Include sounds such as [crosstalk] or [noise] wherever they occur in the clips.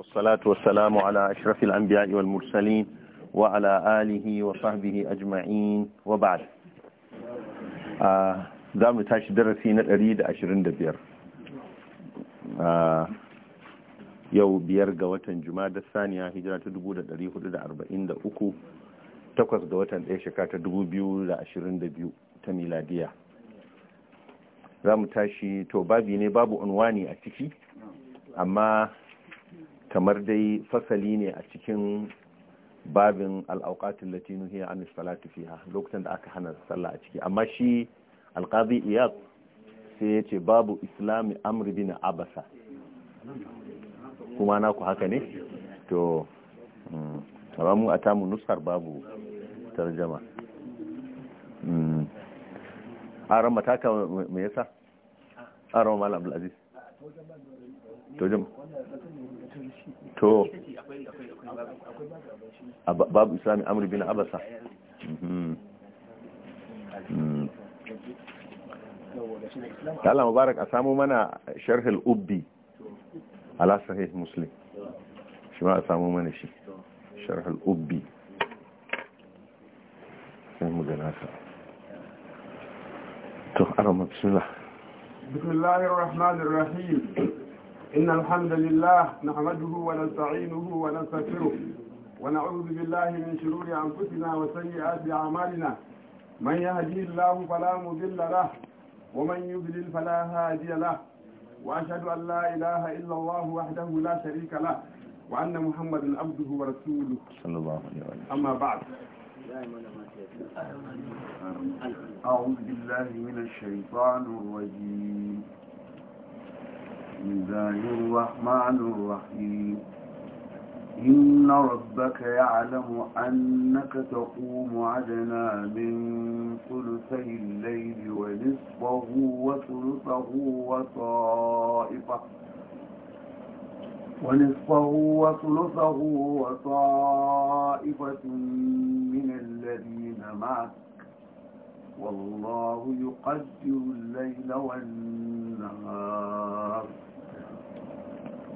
والصلاة والسلام على أشرف الأنبياء wa'ala alihi آله a أجمعين وبعد za mu tashi darasi na 125 yau biyar ga watan da saniya hijira ta 1443 takwas ga watan ɗaya shekara ta 2022 ta miladiya za mu tashi to babi ne babu unwani a ciki amma kamar dai fasali ne a cikin babin al'aukatun latinu hiyar an salatu fiha lokacin da aka hana sallah a ciki amma shi alƙazi iyad sai ya ce babu islami amri na abasa kuma na ku haka ne to ramu mm, a tamu nusar babu tarjama mm. a ramata ka mai yasa a ramar aziz to to babu islami amri bin abasa ta'ala mhm. mhm. mubarak a samu mana sharhul ubbi ala sahih muslim shi ma a samu mana shi sharhul ubbi sai mu gana sa to arama bismillah إن الحمد لله نحمده ونستعينه ونستغفره ونعوذ بالله من شرور أنفسنا وسيئات أعمالنا من يهدي الله فلا مضل له ومن يضلل فلا هادي له وأشهد أن لا إله إلا الله وحده لا شريك له وأن محمدا عبده ورسوله صلى الله عليه وسلم أما بعد أعوذ بالله من الشيطان الرجيم بسم الله الرحمن الرحيم إن ربك يعلم أنك تقوم عدنا من ثلثي الليل ونصفه وثلثه وطائفة ونصفه وثلثه وطائفة من الذين معك والله يقدر الليل والنهار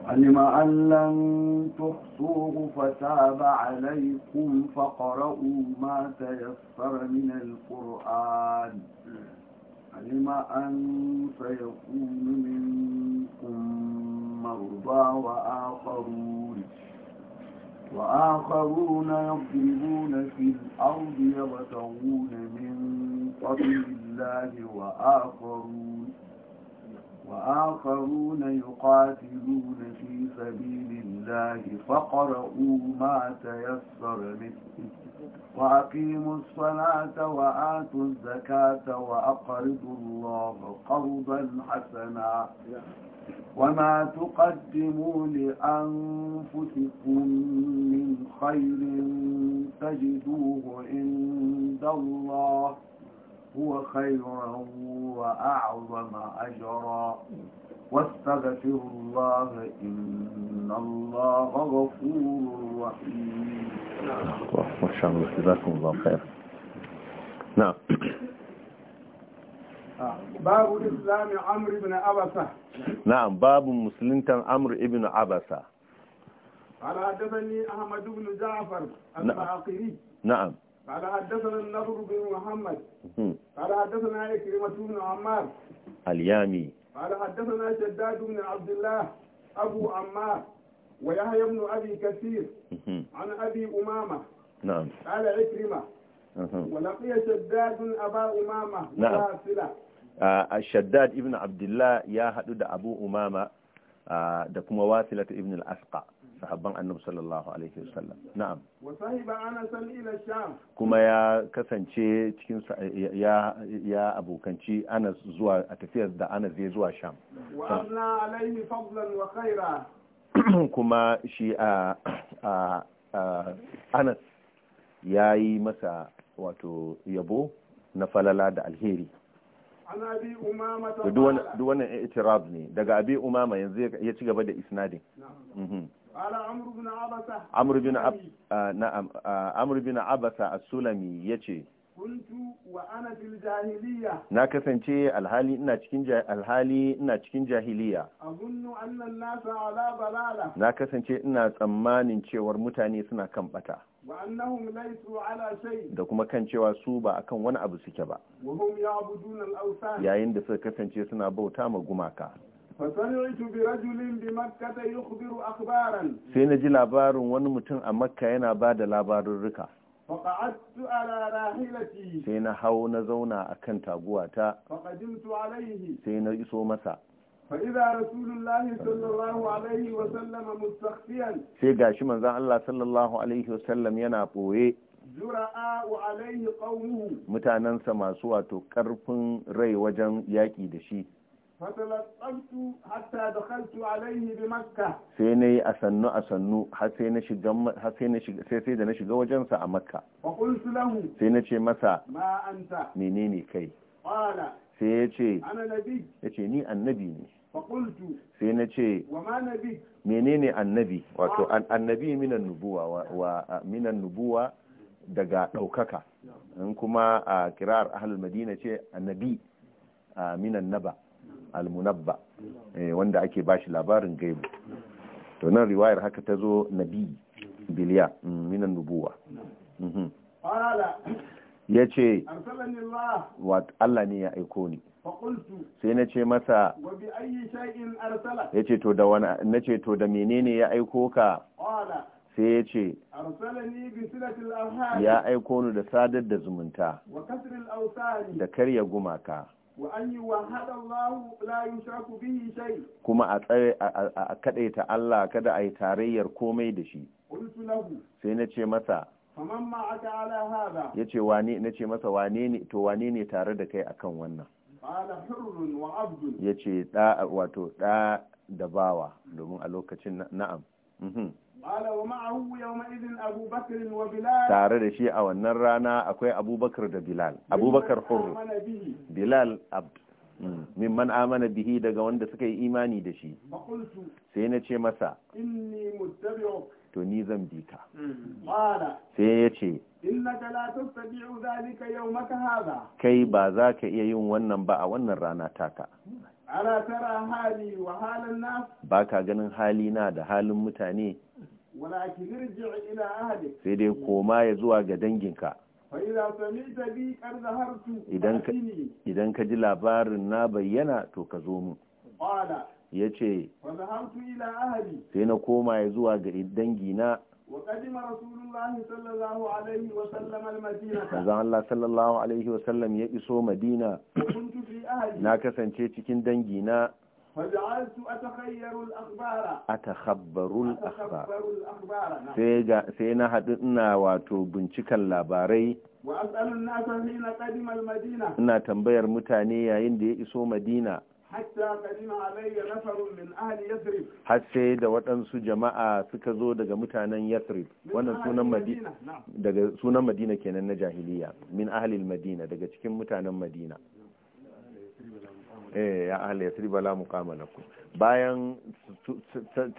علم أن لن تحصوه فتاب عليكم فقرؤوا ما تيسر من القرآن علم أن سيكون منكم مرضى وآخرون وآخرون يضربون في الأرض يبتغون من قبل الله وآخرون وآخرون يقاتلون في سبيل الله فقرؤوا ما تيسر منه وأقيموا الصلاة وآتوا الزكاة وأقرضوا الله قرضا حسنا وما تقدموا لأنفسكم من خير تجدوه عند الله هو خيرا وأعظم أجرا واستغفر الله إن الله غفور رحيم ما شاء الله جزاكم الله خير نعم باب الإسلام عمرو بن عبسة نعم باب مسلم عمرو بن عبسة على دبني أحمد بن جعفر نعم. الباقري نعم قال حدثنا النضر بن محمد قال حدثنا إكرمة بن عمار اليامي قال حدثنا شداد بن عبد الله أبو عمار ويحيى بن أبي كثير عن أبي أمامة نعم قال عكرمة ولقي شداد أبا أمامة نعم الشداد ابن عبد الله يا هدد أبو أمامة da kuma wasilatu ibn al-asqa sahabban annabi sallallahu alaihi wasallam na'am wa sahiba anasan ila sham kuma ya kasance cikin ya ya abokanci anas zuwa a tafiyar da anas zai zuwa sham wa amna alaihi fadlan wa khaira [clears throat] kuma shi a anas yayi masa wato yabo na falala da alheri duk wannan itirab ne daga abi umama yanzu ya ci gaba da isnadin mhm. Amr bin Abasa a sulami yace Na kasance alhali ina cikin alhali ina cikin jahiliya. Na kasance ina tsammanin cewar mutane suna kan bata. Da kuma kan cewa su ba a kan wani abu suke ba. Yayin da suka kasance suna bauta ma gumaka. sai na ji labarin wani mutum a makka yana ba da labarurruka sai na hau na zauna a kan taguwata sai na iso masa فإذا رسول الله صلى الله عليه وسلم مستخفيا الله صلى الله عليه وسلم yana boye jura'a alaihi masu wato ƙarfin rai wajen yaki da shi fatalaqtu hatta dakhaltu alayhi bi makkah sai nayi a sannu a sannu har sai na shiga sai sai da na shiga wajensa a makka fa qultu sai na ce masa ma menene kai qala sai ya ce ana nabi yace ni annabi ne fa qultu sai na ce wa ma nabi menene annabi wato annabi minan nubuwa wa minan nubuwa daga ɗaukaka in kuma a kirar ahlul madina ce annabi minan naba almunabba eh, wanda ake bashi labarin gaibu to nan riwayar haka ta zo nabi biliya mm, minan nubuwa mhm. ya ce Allah ne ya aiko ni sai na ce masa ya ce to da wani na ce to da menene ya aiko ka sai ya ce ya aiko ni da sadar da zumunta da karya gumaka kuma a tsare a kadaita Allah kada a yi tarayyar komai da shi sai na ce masa ya ce wani na ce masa wane ne to wane ne tare da kai akan wannan ya ce wato ɗa da bawa domin a lokacin na'am mhm. tare da shi a wannan rana akwai abubakar da bilal abubakar hurru bilal abd mm. man amana bihi daga wanda suka yi imani da shi sai na ce masa to ni zan bi ka mm. sai ya ce kai ba za ka iya yin wannan ba a wannan rana taka ba ka ganin hali na da halin mutane sai dai koma ya zuwa ga danginka idan ka ji labarin na bayyana to ka zo mu ya ce sai na koma ya zuwa ga dangina Manzon Allah sallallahu Alaihi sallam ya iso madina na kasance cikin dangina فجعلت أتخير الأخبار أتخبر الأخبار سي سينا حدنا واتو بنشكا لاباري وأسأل الناس حين قدم المدينة إنا تنبير متاني يندي إسو مدينة حتى قدم علي نفر من أهل يثرب حتى da waɗansu jama'a suka zo daga mutanen Yathrib wannan sunan Madina daga sunan Madina kenan na jahiliya min ahlil Madina daga cikin mutanen Madina eh ya ahli yasriba la na ku bayan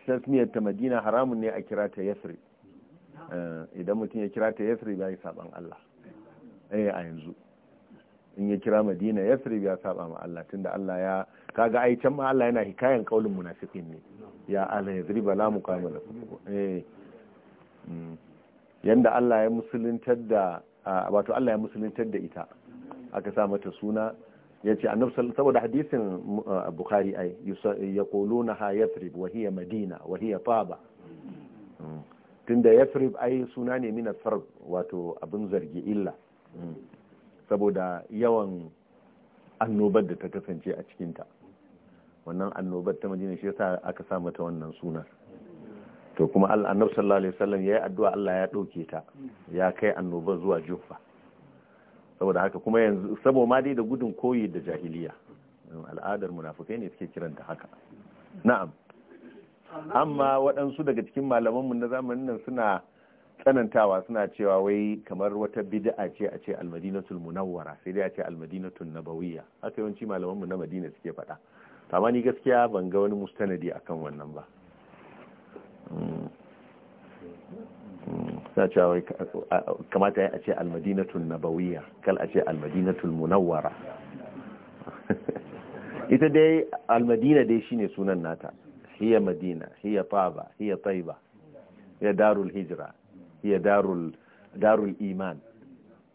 tasmiyar ta madina haramun ne a kira ta yasri eh, idan mutum ya kira ta yasri ya yi saban Allah eh a yanzu in ya kira madina yasrib ya saba ma Allah tunda Allah ya kaga ai can ma Allah yana hikayen kaulin munafiqin ne ya ahli yasriba la muqama lakum eh mm. yanda Allah ya musuluntar da wato Allah ya musuluntar da ita aka sa mata suna ya ce annabi saboda hadisin uh, bukhari ai ya kolo na ha yathrib wa hiya madina wa hiya faba mm. tunda yathrib ai suna ne mina farb wato abin zargi illa mm. saboda yawan annobar da ta kasance a cikinta wannan annobar ta madina shi yasa aka sa mata wannan suna to kuma annabi sallallahu alaihi wasallam yayi addu'a Allah ya dauke ta ya kai annobar zuwa juffa saboda haka kuma yanzu sabo dai da gudun koyi da jahiliya al'adar munafukai ne suke kiranta haka na'am amma waɗansu daga cikin malamanmu na zamanin nan suna tsanantawa suna cewa wai kamar wata bid'a ce a ce almadinatul munawwara sai dai a ce almadinatul nabawiyya haka yawanci malamanmu na madina suke faɗa amma ni gaskiya ban ga wani mustanadi akan wannan ba suna cewa kamata ya ce almadinatun nabawiya kal a ce almadinatun munawara ita dai almadina dai shine sunan nata hiya madina hiya faba hiya taiba hiya darul hijra hiya darul iman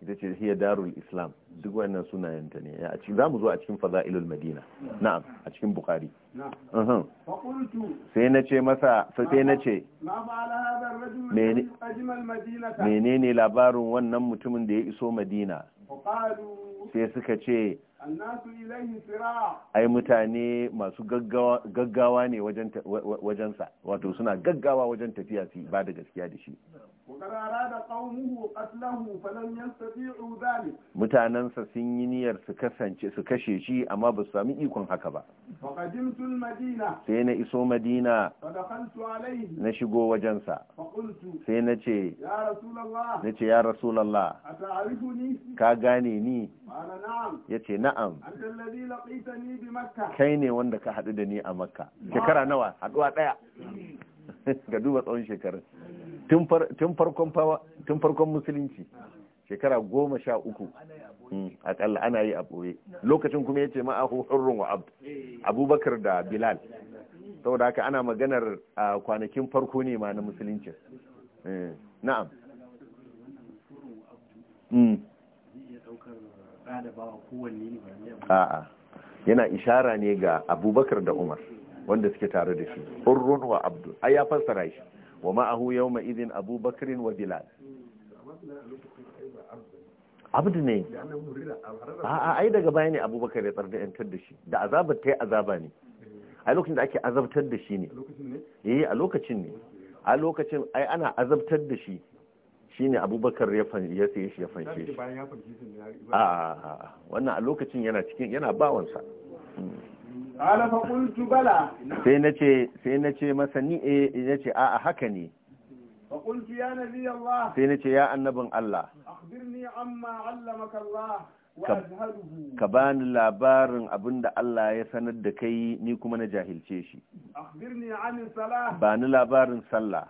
ita ce hiya darul islam duk wannan sunayenta ne a cikin zamu zo a cikin fada'ilul madina na'am a cikin bukhari na'am sai na ce masa sai na ce menene labarin wannan mutumin da ya iso madina sai suka ce ai mutane masu gaggawa ne wajensa wato suna gaggawa wajen tafiya su ba da gaskiya da shi Mutanansa sun yi niyyar su kasance su kashe shi amma ba su sami ikon haka ba sai na iso madina na shigo wajensa sai na ce na ce ya rasulallah ka gane ni ya ce na'am kai ne wanda ka hadu da ni a makka shekara nawa haɗuwa ɗaya ga duba tsawon shekarun tun farkon musulunci shekara goma sha uku hmm, akalla ana yi a ɓoye lokacin kuma ya ce ma'ahu hurrun wa abubakar da bilal saboda haka ana maganar a kwanakin farko ne ma na musulunci eh, na'am hmm. a'a yana ishara ne ga abubakar da umar wanda suke tare da shi hurrun wa abdu ai ya fassara shi wa ma'ahu yawma idin Abu Bakr wa Bilal abdu ne a ai daga baya ne abubakar ya tsarda yantar da shi da azabar ta yi azaba ne a lokacin da ake azabtar da shi ne yi eh, a lokacin ne a lokacin ai ana azabtar da shi shi ne abubakar ya saye shi ya fanshe shi a wannan a lokacin yana cikin yana bawansa hmm. sai na ce sai na ce masa ni e ya ce a'a haka ne sai na ce ya annabin Allah ka bani labarin abin da Allah ya sanar da kai ni kuma na jahilce shi bani labarin sallah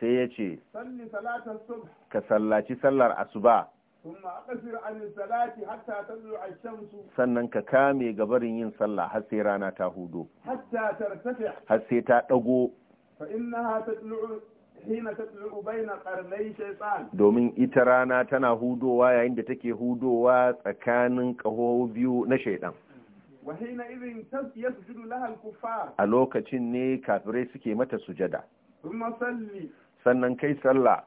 sai ya ce ka sallaci sallar asuba sannan ka kame gabarin yin sallah har sai rana ta hudo har sai ta ɗago domin ita rana tana hudowa yayin da take hudowa tsakanin ƙaho biyu na shaidan a lokacin ne kafirai suke mata sujada sannan kai sallah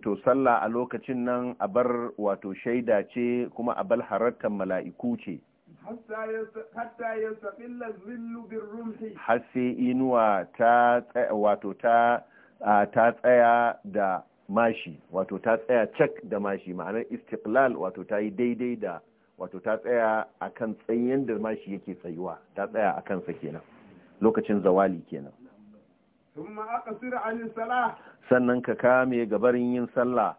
to sallah a lokacin nan a bar wato shaida ce kuma a bar harattar mala'iku ce har sai inuwa ta wato ta tsaya da mashi wato ta tsaya cak da mashi ma'anar istiklal, wato ta yi daidai da wato ta tsaya akan tsayen da mashi yake tsayuwa ta tsaya akan sa kenan lokacin zawali kenan sannan ka kame gabarin yin sallah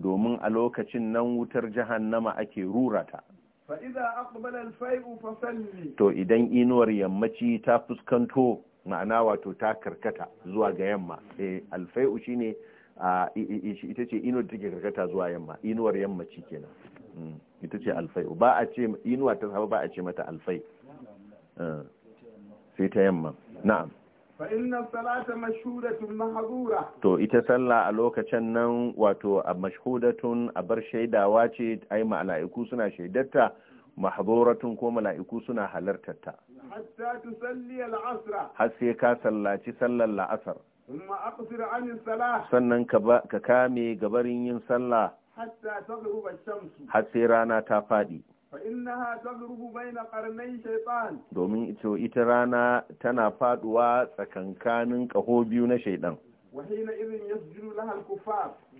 domin a lokacin nan wutar jahannama ake rurata to idan inuwar yammaci ta fuskanto ma'ana wato ta karkata zuwa ga yamma alfai'u shi shine ita ce inuwar ta ke karkata zuwa yamma inuwar yammaci kenan ita ce alfai'u ba a ce inuwa ta saba ba a ce mata alfai sai ta yamma na'am To ita sallah a lokacin nan wato a mashhudatun a bar shaidawa ce ai mala'iku suna shaidarta mahduratun ko mala'iku suna halartarta. Hatta Har sai ka sallaci sallar la'asar. Sannan ka ka kame gabarin yin sallah. Hatta Har sai rana ta faɗi. domin ito ita rana tana faduwa tsakankanin kaho biyu na shaidan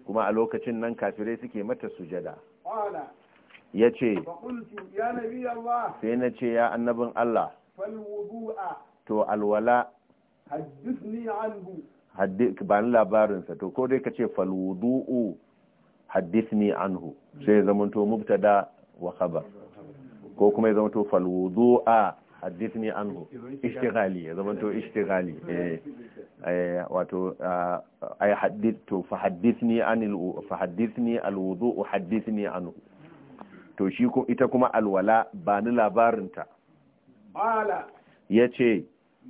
kuma a lokacin nan kafirai suke mata sujada ya ce sai na ce ya annabin Allah to alwala ba ni labarinsa to ko dai ka ce falwudu'u ni anhu sai zamanto mubtada wa khabar ko kuma ya zamanto falwudu a hadithni anhu ishtighali ya zamanto ishtighali eh, eh wato ah, ay hadithu fa hadithni anil fa hadithni alwudu hadithni anhu to shi ko ita kuma alwala ba ni labarinta bala yace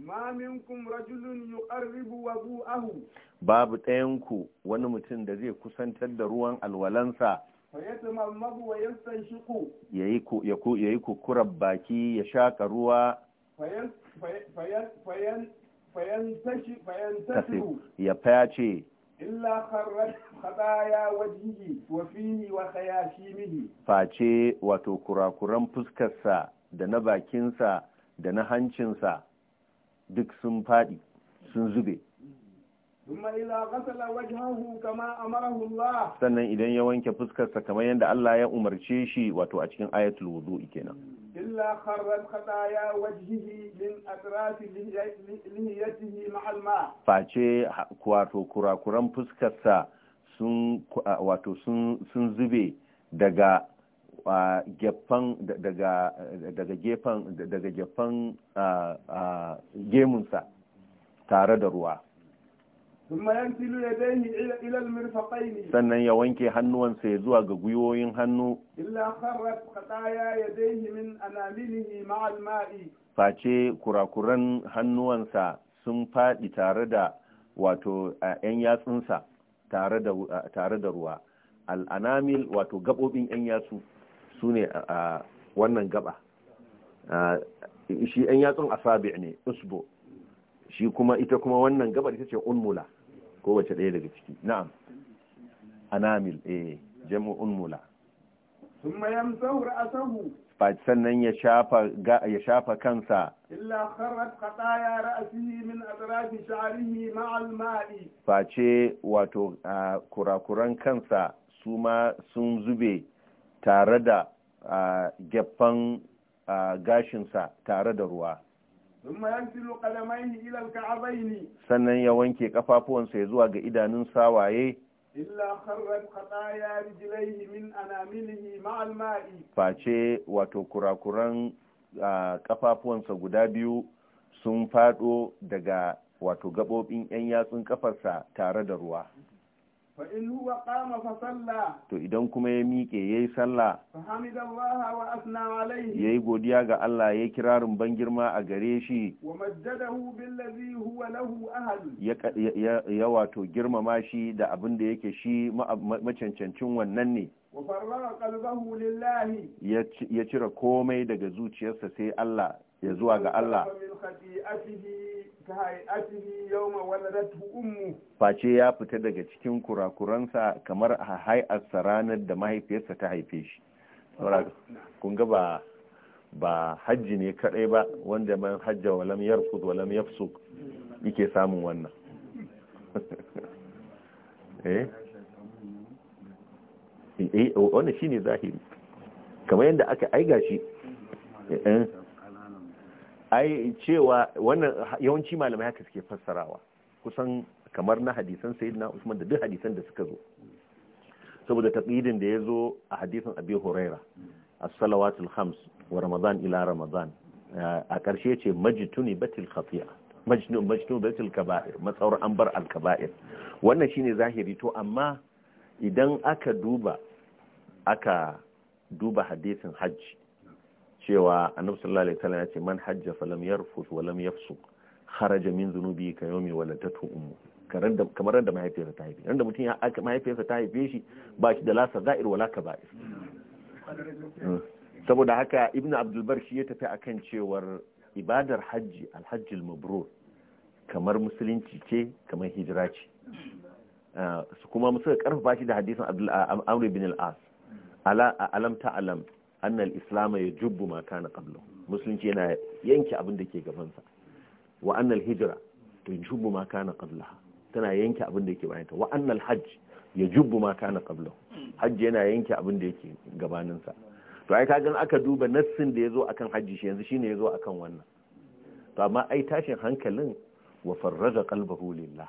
ma minkum rajulun yuqarribu wudu'ahu babu ɗayanku wani mutum da zai kusantar da ruwan alwalansa ya yi kukurar baki ya shaƙa ruwa ya face illa kharrat khataya wajhihi wa fihi wa khayashimihi face wato kurakuran fuskarsa da na bakinsa da na hancinsa duk sun faɗi sun zube sannan idan ya wanke fuskarsa kamar yadda Allah ya umarce shi wato a cikin ayatul wudu'i kenan illa kharrat khataya wajhihi min atraf lihiyatihi ma'al ma face wato kurakuran fuskarsa sun wato sun sun zube daga gefan daga daga gefan daga gefan gemunsa tare da ruwa sannan ya wanke hannuwansa ya zuwa ga gwiwoyin hannu face kurakuran hannuwansa sun faɗi tare da wato ‘yan yatsunsa tare da ruwa al'anamil wato gaɓoɓin ‘yan yatsu su ne a wannan gaba shi ‘yan yatsun asabi ne usbo shi kuma ita kuma wannan gabar ita ce unmula kowace ɗaya daga ciki na'am anamil a eh, jam'un mula thumma yamsahu ra'sahu fa sannan ya shafa ya shafa kansa illa kharrat qataya ra'sihi min atrafi sha'rihi ma'a al-ma'i face wato kurakuran kansa su ma sun zube tare da gaffan gashinsa tare da ruwa sannan ya wanke kafafuwansa ya zuwa ga idanun sawaye illa kharrat khataya rijlaihi min anamilihi ma'al ma'i face wato kurakuran kafafuwansa guda biyu sun fado daga wato gabobin yan yatsun kafarsa tare da ruwa in huwa qama fa salla to idan kuma ya miƙe yayi sallah fa hamidallaha wa asna alayhi yayi godiya ga Allah yayi kirarin ban girma a gare shi wa maddadahu billazi huwa lahu ahad ya ya wato girmama shi da abin da yake shi macancancin wannan ne wa farraqa lillahi ya cire komai daga zuciyarsa sai Allah ya zuwa ga Allah face ya fita daga cikin kurakuransa kamar a hai'arsa ranar da mahaifiyarsa ta haife shi kun ga ba hajji ne kadai ba wanda man hajja walam yarfud walam yafsuk yake samun wannan [laughs] eh? eh eh wannan shine zahiri kamar yadda aka aiga shi eh, eh. ai cewa wannan yawanci malamai haka suke fassarawa kusan kamar na hadisan sayyidina Usman da duk hadisan da suka zo saboda taqidin da ya zo a hadisin Abi Huraira as-salawatul khams wa ramadan ila ramadan a karshe ce majtuni batil khati'a majnu batil kaba'ir matsawar an bar al kaba'ir wannan shine zahiri to amma idan aka duba aka duba hadisin hajji cewa annabi sallallahu alaihi wasallam ya ce man hajja lam yarfus wa lam yafsuq kharaja min zunubi ka yawmi waladatu ummu kamar da mahaifiyarsa ta haife randa mutum ya mahaifiyarsa ta haife shi ba shi da lasa za'ir wala kaba'ir hmm. saboda haka ibnu abdulbar shi ya tafi akan cewar ibadar hajji alhajjil mabrur kamar musulunci ce kamar hijira ce ah, kuma musu karfafa shi da hadisin ah, amr bin al-as ala alam ta alam annal islam ya jubbu ma kana qablu musulunci yana yanke abin da ke gabansa wa annal hijra to jubbu ma kana qabla tana yanke abin da yake bayanta wa annal hajj ya jubbu ma kana qablahu hajj yana yanke abin da yake gabanin sa to ai kagan aka duba nassin da yazo akan hajji shi yanzu shine yazo akan wannan to amma ai tashin hankalin wa farraja qalbahu lillah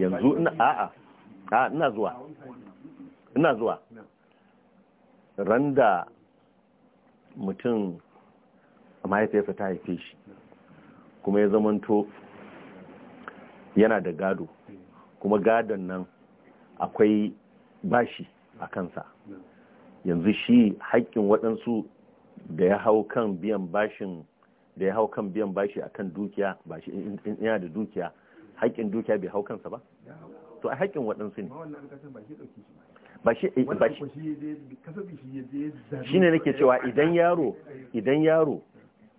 yanzu ina a ina zuwa ina zuwa randa mutum mahaifiyarsa ta haife shi kuma ya zamanto yana da gado kuma gadon nan akwai bashi a kansa yanzu shi haƙƙin waɗansu da ya hau kan biyan bashin da kan biyan bashi akan dukiya bashi yana da dukiya haƙƙin dukiya bai hau kansa ba to a haƙƙin waɗansu ne ba shi ba eh, shi ne nake cewa idan yaro idan yaro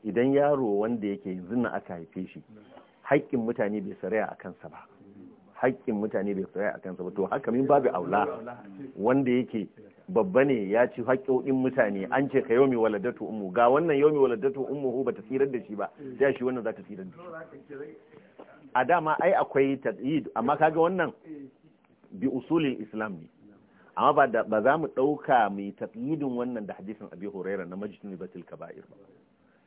idan yaro wanda yake yanzu na aka haife shi haƙƙin mutane bai saraya a kansa ba haƙƙin mutane bai saraya a kansa ba to haka min babu aula wanda yake babba ne ya ci haƙƙoƙin mutane an ce ka yomi waladatu ummu ga wannan yomi waladatu ummu ba ta tsirar da shi ba sai eh. shi wannan za ta tsirar da shi a dama ai akwai taqyid amma kaga wannan bi usulin islam ne amma ba za mu ɗauka mai tad'idin wannan da hadisin abi huraira na majtuni batil kaba'ir ba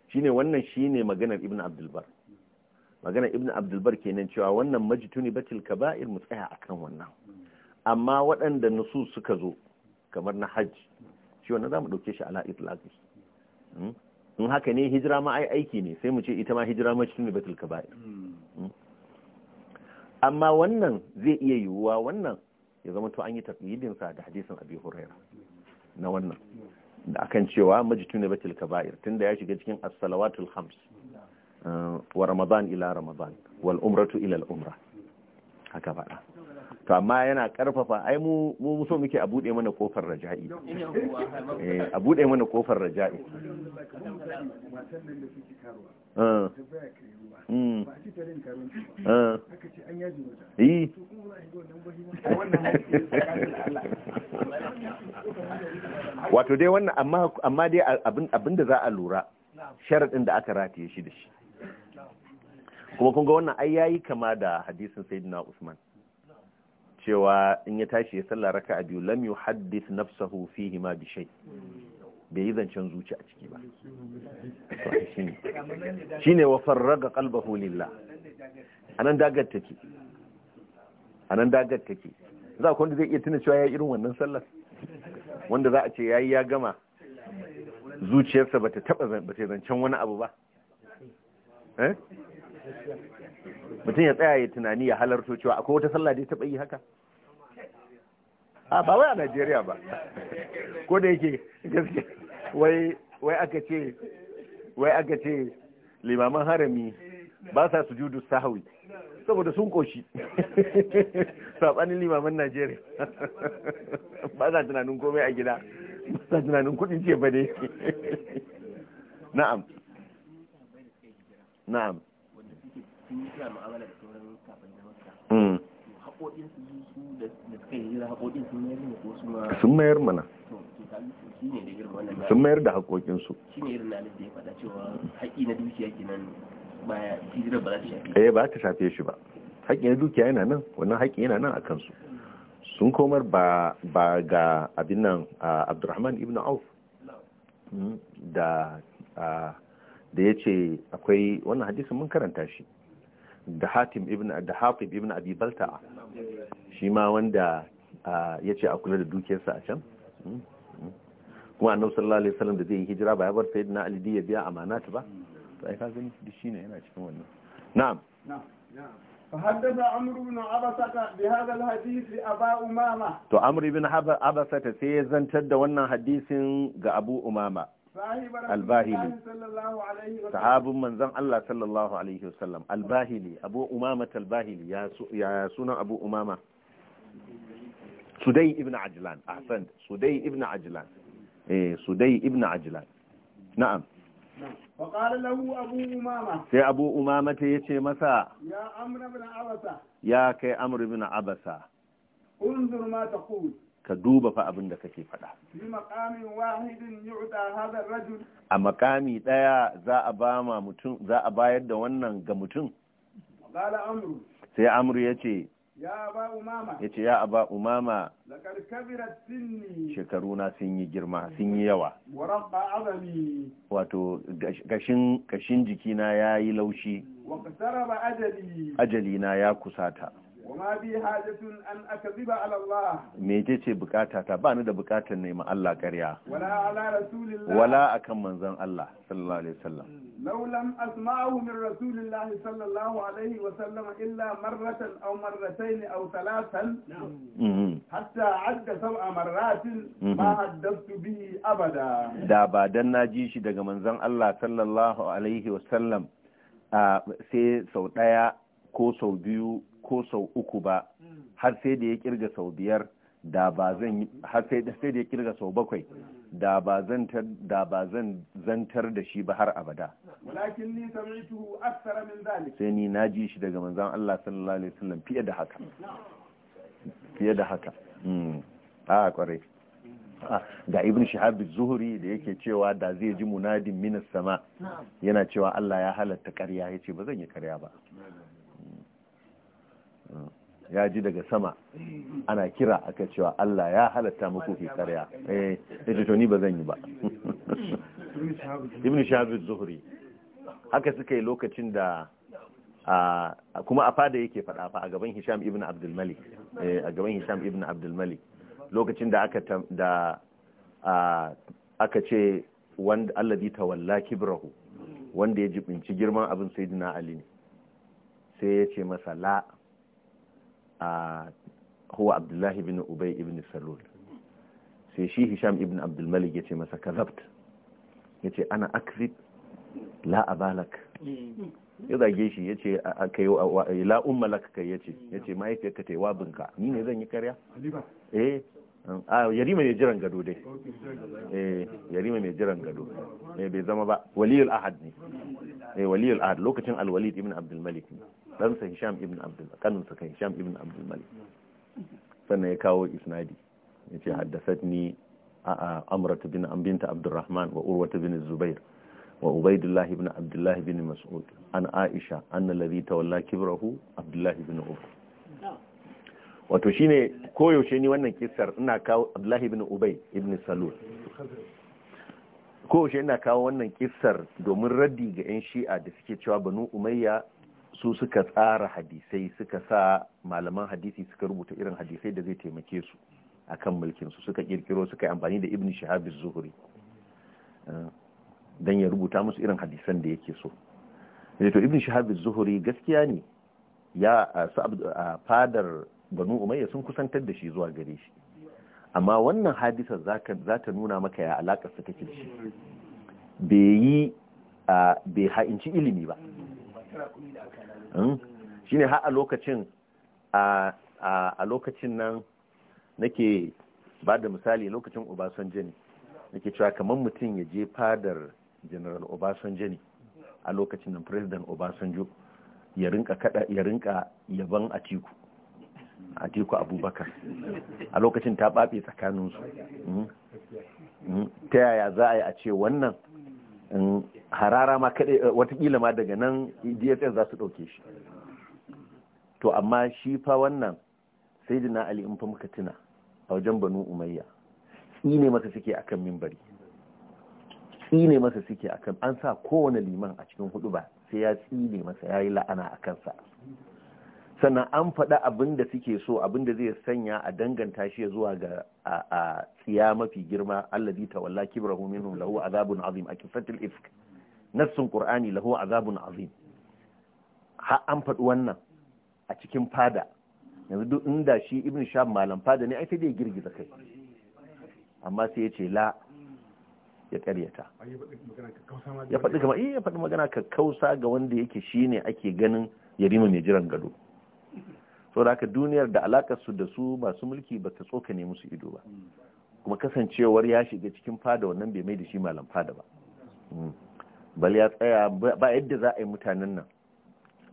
shine wannan shine maganar ibn abdulbar maganar ibn abdulbar kenan cewa wannan majtuni batil kaba'ir mu tsaya akan wannan amma waɗanda nusu suka zo kamar na hajj, shi wannan za mu ɗauke shi ala itlaqi hmm? in haka ne hijira ma ai aiki ne sai mu ce ita ma hijira majtuni batil kaba'ir hmm. amma wannan zai iya yiwuwa wannan ya zama to an yi taqyidin sa da hadisin abi huraira na wannan da akan cewa majtuna batil kaba'ir tunda ya shiga cikin as-salawatul khams eh, wa ramadan ila ramadan wal umratu ila al umra haka ba to amma yana karfafa ai mu mu so muke a bude mana kofar raja'i eh a bude mana kofar raja'i eh. Hmm. Eh. Eh. [laughs] wato dai wannan amma dai abinda za a lura sharaɗin da aka ya shi da shi kuma kun ga wannan ai yayi kama da hadisin sayyidina Usman cewa in ya tashi ya sallah a biyu lam yuhaddith nafsahu fihi ma bi bai yi zancen zuci a ciki ba shi ne wa farraga kalba hulilla a nan dagar take a nan dagar take za a kwanda zai iya tuna cewa ya irin wannan sallar wanda za a ce ya yi ya gama zuciyarsa bata taba bata zancen wani abu ba eh? mutum ya tsaya ya tunani ya halarto cewa akwai wata sallah da ya taba yi haka a ba wai a Najeriya ba ko da yake gaske. wai wai aka ce wai aka ce limaman harami ba sa sujudu sahawi saboda sun koshi [laughs] saɓanin limaman Najeriya [laughs] ba sa tunanin komai a gida ba sa tunanin kudin ce ba ne [laughs] na'am na'am hmm. sun mayar mana sun mayar da haƙoƙinsu eh ba ta shafe shi ba haƙi na dukiya yana nan wannan haƙi yana nan a kansu sun komar ba ga abin nan abdurrahman ibn auf hmm, da ya ce akwai wannan hadisin mun karanta shi da hatim ibn da ibn abi balta'a shi ma wanda ya ce a kula da dukiyarsa a can hmm. mu annabi sallallahu alaihi wasallam da zai yi hijira ba ya bar sayyidina ali diya biya amana ta ba sai ka gani duk abasata bi hadha alhadith li aba to amru ibn abasata sai ya zantar da wannan hadisin ga abu umama Al-Bahili, sahabin manzan Allah sallallahu Alaihi wasallam, Al-Bahili, Abu Umama Al-Bahili, ya sunan Abu Umama, Sudai ibn Ajlan, Ahsan, Sudai ibn Ajlan. Eh, Sudai ibn Ajlan. Na’am. Sai abu umama ta ya ce masa, Ya kai amuru bin abasa, ka duba fa abin da kake fada. A makami ɗaya za a ba ma za a bayar da wannan ga mutum. Sai amuru ya ce, ya ce ya aba umama shekaruna sun yi girma sun yi yawa wato gashin jikina ya yi laushi na ya kusata Mece ce bukata ta ba ni da bukatar nema Allah ƙarya. Wala a kan manzan Allah sallallahu Alaihi wasallam. Laulam asma'ahu min rasulillah sallallahu Alaihi wasallam illa marratan au marratai ne au talatan hatta adda sab'a marratin ma haddastu bihi abada. Da ba dan na ji shi daga manzan Allah sallallahu Alaihi wasallam sai sau ɗaya ko sau biyu ko sau uku ba har sai da ya kirga sau biyar da ba zan har sai da ya kirga sau bakwai da ba zan da ba zan zantar da shi ba har abada walakin ni sami'tuhu akthara min zalik sai ni naji shi daga manzon Allah sallallahu alaihi wasallam fiye da haka fiye da haka hmm. a kware ga ibn shihab zuhri da yake cewa da zai ji munadin minas sama yana cewa Allah ya halatta ƙarya yace ba zan yi ƙarya ba ya ji daga sama ana kira aka cewa Allah ya halatta muku fi karya eh yace to ni ba zan yi ba ibn shahab zuhri haka suka yi lokacin da kuma a fada yake fada fa a gaban hisham ibn abdul malik eh, a gaban hisham ibn abdul malik lokacin da aka da aka ce wanda alladhi tawalla kibrahu wanda ya jibinci girman abin sayyidina ali ne sai ya ce masa la huwa abdullahi bin ubay ibn salul sai shi hisham ibn abdulmalik ya ce masa kazabt ya ce ana akzib la abalak ya shi ya ce la ummalak kai ya ce ya ce mahaifiyarka ta yi wabinka ni ne zan yi karya eh a yarima mai jiran gado dai eh yarima mai jiran gado eh bai zama ba waliyul ahad ne eh waliyul ahad lokacin alwalid ibn abdulmalik ne ɗansa hisham ibn abdul kaninsa kan hisham ibn abdul malik sannan ya kawo isnadi ya ce haddasatni a amurata bin ambinta Rahman wa urwata bin zubair wa ubaidullah ibn abdullah bin mas'ud an aisha anna ta tawalla kibrahu abdullah ibn ubay wato shine koyaushe ni wannan kissar ina kawo abdullah ibn ubay ibn salul kowace yana kawo wannan kissar domin raddi ga 'yan shi'a da suke cewa banu umayya su suka tsara hadisai suka sa malaman hadisi suka rubuta irin hadisai da zai taimake su akan mulkin su suka kirkiro suka yi amfani da ibn shahab zuhuri eh, dan ya rubuta musu irin hadisan da yake so eh, to ibn shahab zuhuri gaskiya ne ya a fadar banu umayya sun kusantar da shi zuwa gare shi amma wannan hadisar za ta nuna maka ya alaƙar suka ke shi bai yi bai ha'inci ilimi ba Hmm? shine har a lokacin a lokacin nan nake ba da misali lokacin obasanjo ne nake cewa kamar mutum ya je fadar general obasanjo ne a lokacin nan president obasanjo ya rinka yaban atiku atiku abubakar a lokacin ta babe tsakaninsu hmm? Hmm? ta yaya za a yi a ce wannan harara ma kaɗai eh, watakila ma daga nan dss za su ɗauke shi to amma shi fa wannan sai dina ali in fa muka tuna a wajen banu umayya tsine masa suke akan mimbari tsine masa suke akan an sa kowane liman a cikin hudu ba sai ya tsine masa ya yi la'ana a kansa sannan an faɗa abin da suke so abin da zai sanya a danganta shi zuwa ga a tsiya mafi girma allazi tawalla kibrahu minhum lahu azabun azim a kisatil ifk nassun qur'ani lahu azabun azim har an faɗi wannan a cikin fada yanzu duk inda shi ibn shab malam fada ne ai sai da ya girgiza kai amma sai ya ce la ya ƙaryata, ya faɗi kama iya eh, faɗi magana ka kausa ga wanda yake shine ake ganin yarima mai jiran gado da haka duniyar da alakar su da su masu mulki ba ta tsoka ne musu ido ba hmm. kuma kasancewar ya shiga cikin fada wannan bai mai da shi malam fada ba hmm. bal ya tsaya ba yadda za a yi mutanen nan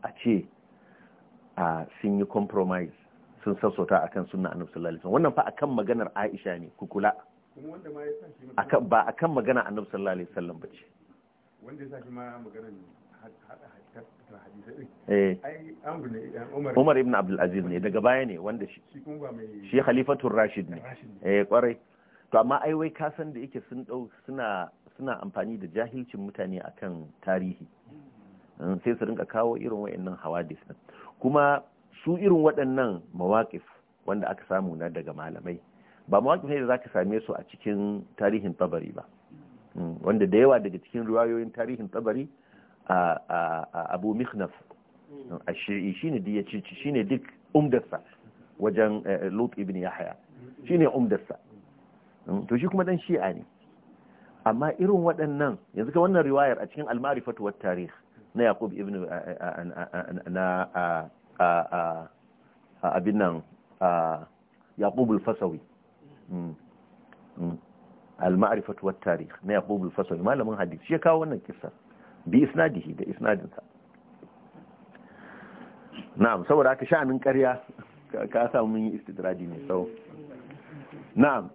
a ce a sun yi compromise sun sassauta kan sunna annabi sallallahu alaihi wasallam wannan fa akan maganar Aisha ne ku kula ba ba akan magana annabi sallallahu alaihi wasallam ce wanda ya shi ma maganar Umar ibn Abdul Aziz ne daga baya ne wanda shi shi khalifatul Rashid ne eh kwarai to amma ai wai ka san da yake sun dau suna suna amfani da jahilcin mutane akan tarihi eh, sai su rinka kawo irin waɗannan hawadis nan kuma su irin waɗannan mawaƙif wanda aka samu na daga malamai ba mawaƙif ne da za ka same su a cikin tarihin tabari ba hmm, wanda da yawa daga cikin riwayoyin tarihin tabari a abu mihnaf a shi'i ne duk ya shi ne duk umdarsa wajen eh, lut ibn shi ne umdarsa hmm, to shi kuma dan shi'a ne amma irin waɗannan yanzu ka wannan riwayar a cikin almari fatuwar tarih na yaqub ibn na abin nan yaqub al-fasawi mm, mm. al-ma'rifat wa na Yakubu al-fasawi malamin hadith shi ya kawo wannan kisa. bi isnadihi da isnadinsa na'am saboda aka sha'anin ƙarya ka samu mun yi istidradi mai tsawo na'am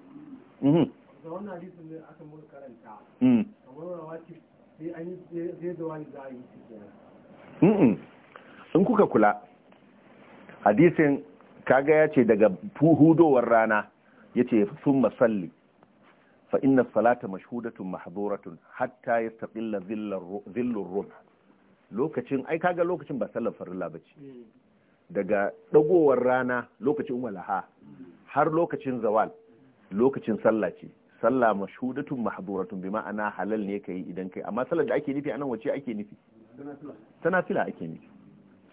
[coughs] mhm. da hadisin ne aka mun karanta kamar hmm. wace sai an yi zai da wani za a yi hmm. in kuka kula hadisin kaga ya ce daga hudowar rana ya ce sun masalli fa salata mashhudatun mahaduratun hatta yastaqilla zillun ruh lokacin ai kaga lokacin ba sallar farilla hmm. daga ɗagowar rana lokacin walaha har lokacin zawal lokacin sallah ce sallah mashhudatun mahduratun bi ma'ana halal ne kai idan kai amma sallar da ake nufi anan wace ake nufi ta nafila ake nufi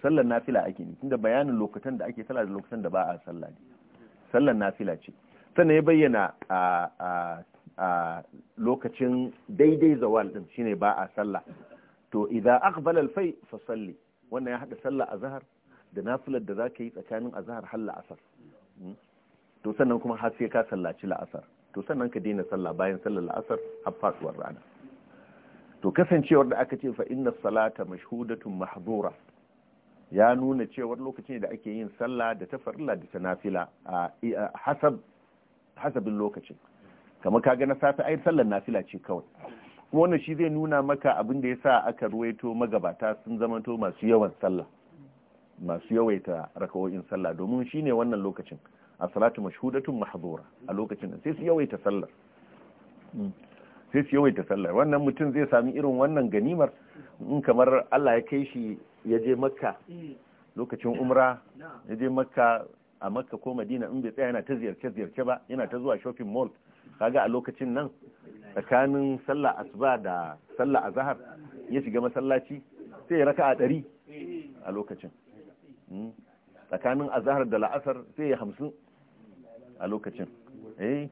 sallar nafila ake nufi tunda bayanin lokutan da ake sallah da lokutan da ba a sallah ne sallar nafila ce sannan ya bayyana a a lokacin daidai zawal din shine ba a sallah to idza aqbala al-fay fa salli wannan ya hada sallah azhar da nafilar da zaka yi tsakanin azhar har la'asar hmm? to sannan kuma har sai ka sallaci la'asar to sannan ka daina sallah bayan sallar la'asar har faduwar rana to kasancewar da aka ce fa inna salata mashhudatun mahdura ya nuna cewar lokacin da ake yin sallah da ta farilla da ta nafila a hasab hasabin lokacin kamar kaga na safe ai sallar nafila ce kawai kuma wannan shi zai nuna maka abin da sa aka ruwaito magabata sun zamanto masu yawan sallah masu yawaita raka'o'in sallah domin shine wannan lokacin a salatu mashhudatun mahdura a lokacin sai su yawaita sallar hmm. sai su yawaita sallar wannan mutum zai sami irin wannan ganimar in kamar Allah ya kai shi ya je makka lokacin umra ya je makka a makka ko madina in bai tsaya yana ta ziyarce ziyarce ba yana ta zuwa shopping mall kaga a lokacin nan tsakanin sallah asuba da sallah azhar ya shiga masallaci sai ya raka a ɗari a lokacin hmm. tsakanin azahar da la'asar sai ya hamsin a lokacin eh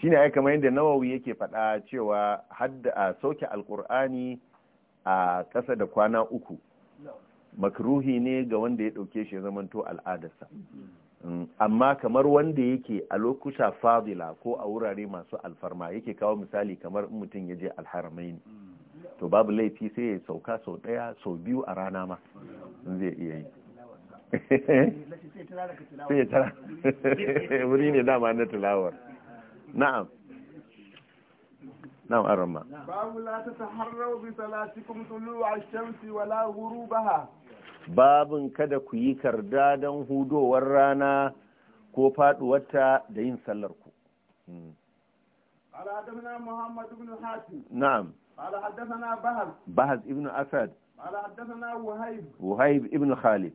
shi ne kamar yadda nawawi yake faɗa cewa hadda a sauke alkur'ani a ƙasa da kwana uku makruhi ne ga wanda ya ɗauke shi zamanto al'adarsa mm, amma kamar wanda yake a lokuta fadila ko a wurare masu alfarma yake kawo misali kamar mutum ya je alharamai ne to babu laifi sai ya sauka sau ɗaya sau biyu a rana ma zai iya yi sai ya tara na na'am na'am babu ta shamsi wala kada ku yi karda don hudowar rana ko faduwarta da yin sallarku hmm. na Muhammadu ibn hatim na'am al'adamna bahaz bahaz ibn asad na wahaib wahaib ibn khalid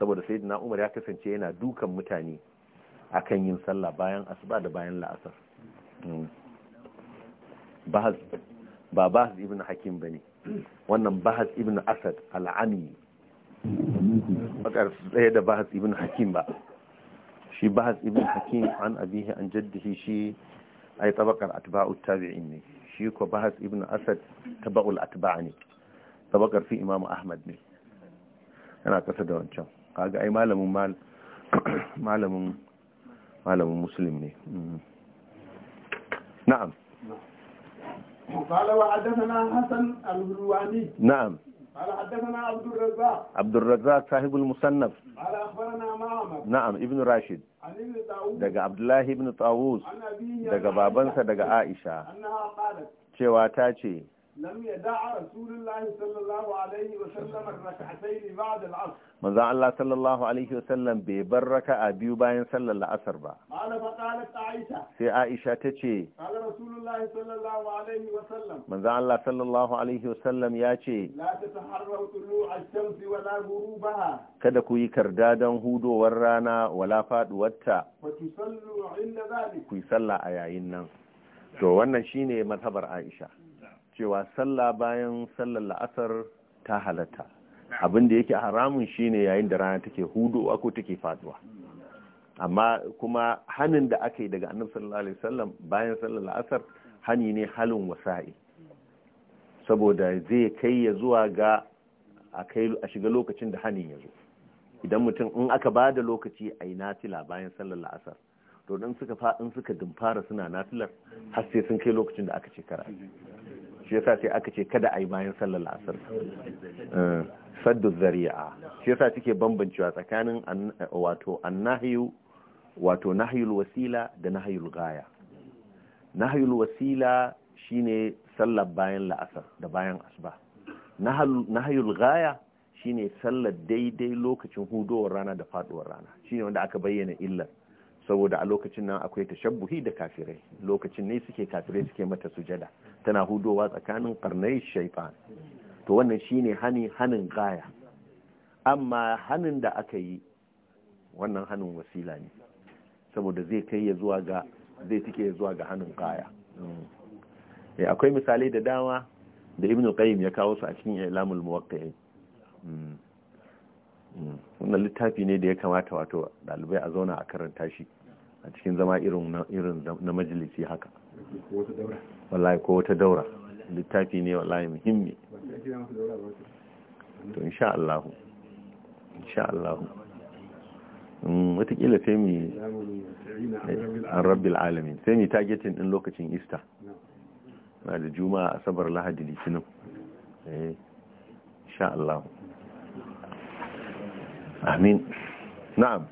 saboda sayyidina umar ya kasance yana dukan mutane akan yin sallah bayan asuba da bayan la'asar hmm. ba bahas ibn hakim ne. wannan bahas ibn asad al'ami bakar tsaye da bahas ibn hakim ba shi bahas ibn hakim an abihi an jaddihi shi ai tabakar atba'u tabi'in ne shi ko bahas ibn asad taba'ul atba'a ne tabakar fi imamu ahmad ne yana kasa da wancan kaga ai malamin malamin malamin muslim ne na'am na'am وحدثنا حدثنا عبد الرزاق عبد الرزاق صاحب المصنف على اخبرنا معمر نعم ابن راشد عن ابن طاووس دغ عبد الله ابن طاووس دغ بابنسا دغ عائشه انها قالت cewa ta لم يدع رسول الله صلى الله عليه وسلم الركعتين بعد العصر bai bar raka'a biyu bayan sallar la'asar ba sai Aisha ta ce manzon Allah sallallahu alaihi wasallam ya ce kada ku yi karda don huduwar rana wala faduwarta ku yi sallah a yayin nan to wannan shine mazhabar Aisha cewa sallah bayan sallar la'asar ta halatta abin da yake haramun shine yayin da rana take hudu ko take faduwa amma kuma hanin da aka yi daga annabi sallallahu alaihi wasallam bayan sallar la'asar hani ne halin wasa'i saboda zai kai ya zuwa ga a kai a shiga lokacin da hanin ya zo idan mutum in aka ba da lokaci a yi natila bayan sallar la'asar to don suka faɗin suka dumfara suna natilar har sai sun kai lokacin da aka ce kara shi yasa sai aka ce kada a yi bayan sallar asar eh, saddu zari'a shi yasa suke bambancewa tsakanin wato annahiyu wato nahyul wasila da nahyul gaya nahyul wasila shine sallar bayan la'asar da bayan asuba nahyul gaya shine sallar daidai lokacin hudowar rana da faduwar rana shine wanda aka bayyana illar saboda a lokacin nan akwai tashabbuhi da kafirai lokacin ne suke kafirai suke mata sujada tana hudowa tsakanin karnai shaitan to wannan shine hani hanin gaya amma hanin da aka yi wannan hanin wasila ne saboda zai kai ya zuwa ga zai tike ya zuwa ga hanin gaya eh, akwai misalai da dama da ibn qayyim ya kawo su a cikin ilamul muwaqqi'in hmm. Hmm. wannan littafi ne da ya kamata wato dalibai a zauna a karanta shi a cikin zama irin na majalisi haka wallahi ko wata daura littafi ne wallahi muhimmi to insha Allah insha Allah mm, watakila sai mu an rabbil alamin sai mu targetin din lokacin Easter na da juma'a asabar lahadi litinin eh insha Allah amin na'am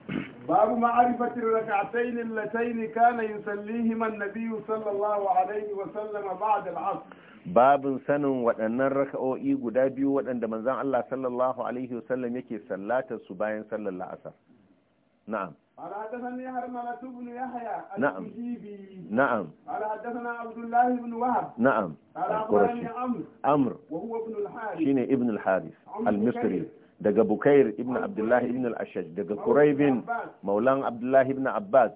babu ma'arifatin rak'atayn allatayn kana yusallihima an-nabiy sallallahu alaihi wa sallam ba'da babin sanin waɗannan raka'o'i guda biyu waɗanda manzon Allah sallallahu alaihi wa sallam yake sallatar su bayan sallar la'asar na'am قال Na'am. Na'am. بن يحيى نعم نعم قال حدثنا عبد الله بن وهب نعم daga bukair ibn Abdullahi ibn al-ashaj daga kuraibin maulan Abdullahi ibn abbas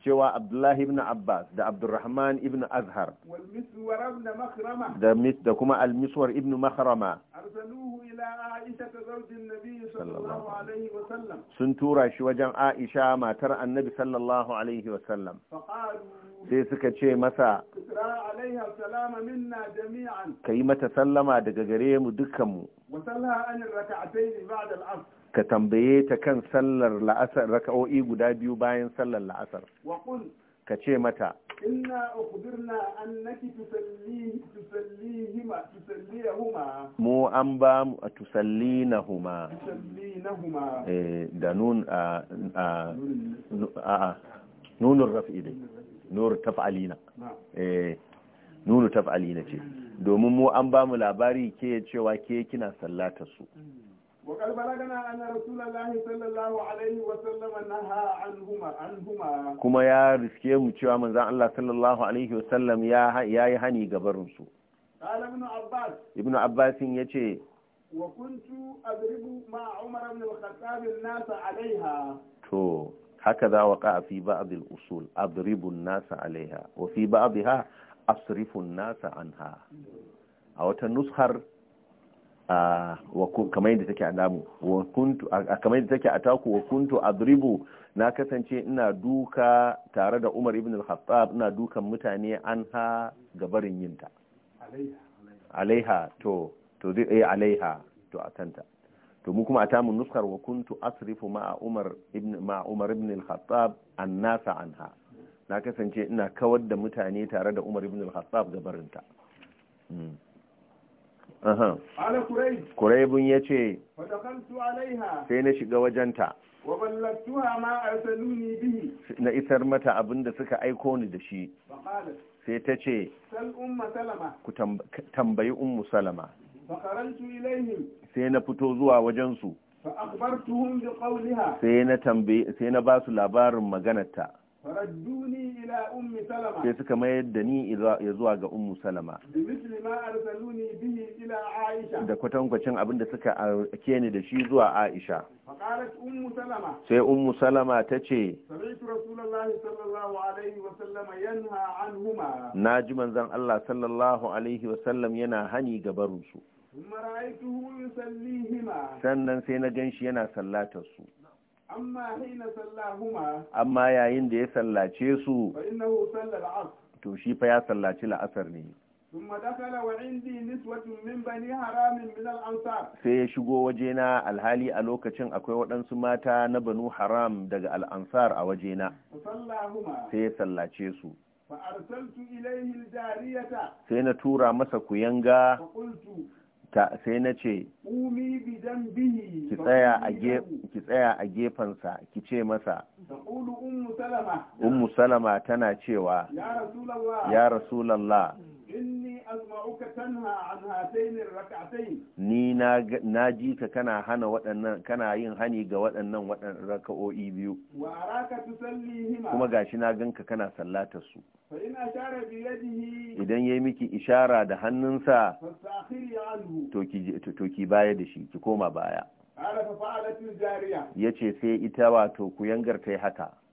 cewa Abdullahi ibn abbas da abdurrahman ibn azhar da kuma al-miswar ibn makarama sun tura shi wajen aisha matar annabi sallallahu alaihi wasallam sai suka ce masa ka yi mata sallama daga gare mu dukkanmu ka tambaye ta kan sallar la'asar raka'o'i guda biyu bayan sallar la'asar ka ce mata inna annaki tusalli tusallihima mu an ba mu tusallinahuma tusallinahuma eh da nun a a a nunun raf'i dai Eh, nuru taf'alina ce domin mu an ba mu labari ke cewa ke kina sallata su mm. wakar balagana an rasulallah sallallahu alaihi wa sallam naha anhuma anhuma kuma ya riske mu cewa manzon Allah sallallahu alaihi wa sallam ya yayi hani gabarin su qala ibn abbas ibn abbas yace wa kuntu adribu ma umar ibn al-khattab an-nas alaiha to هكذا وقع في بعض الأصول أضرب الناس عليها وفي بعضها أصرف الناس عنها أو تنسخر كما يدتك take a namu kamar yadda take a taku na kasance ina duka tare da umar ibn al-khattab ina dukan mutane an ha gabarin yinta alaiha to to zai alaiha to akanta to mu kuma a tamun nuskar wa kuntu asrifu ma umar ibn ma'a umar ibn al-khattab annasa anha na kasance ina kawar da mutane tare da umar ibn al-khattab gabarinta Kuraibun hmm. ya ce, sai na shiga wajenta, na isar mata abin da suka aiko ni da shi, sai ta ce, ku tambayi Ummu Salama. sai na fito zuwa wajensu sai na sai na ba su labarin maganarta sai suka mayar da ni ya zuwa ga ummu salama da kwatankwacin abin da suka ke ni da shi zuwa aisha sai ummu salama ta ce na ji manzan allah sallallahu alaihi wasallam yana hani gabarinsu sannan sai na ganshi yana sallatar su amma yayin da ya sallace su to shi fa ya sallaci la'asar ne sai ya shigo wajena alhali a lokacin akwai waɗansu mata na banu haram daga al'ansar a wajena sai ya sallace su sai na tura masa kuyanga ta sai na ce ki tsaya a gefensa ki ce masa ummu salama tana cewa ya rasulallah inni azma'uka tanha an hatain rak'atayn ni na na ji ka kana hana waɗannan kana yin hani ga waɗannan waɗannan raka'o'i biyu wa araka tusallihima kuma gashi na ganka kana sallatar su fa in ashara bi yadihi idan yayi miki ishara da hannunsa fasakhiri anhu to ki to ki baya da shi ki koma baya ala fa jariya yace sai ita wato ku yangar kai haka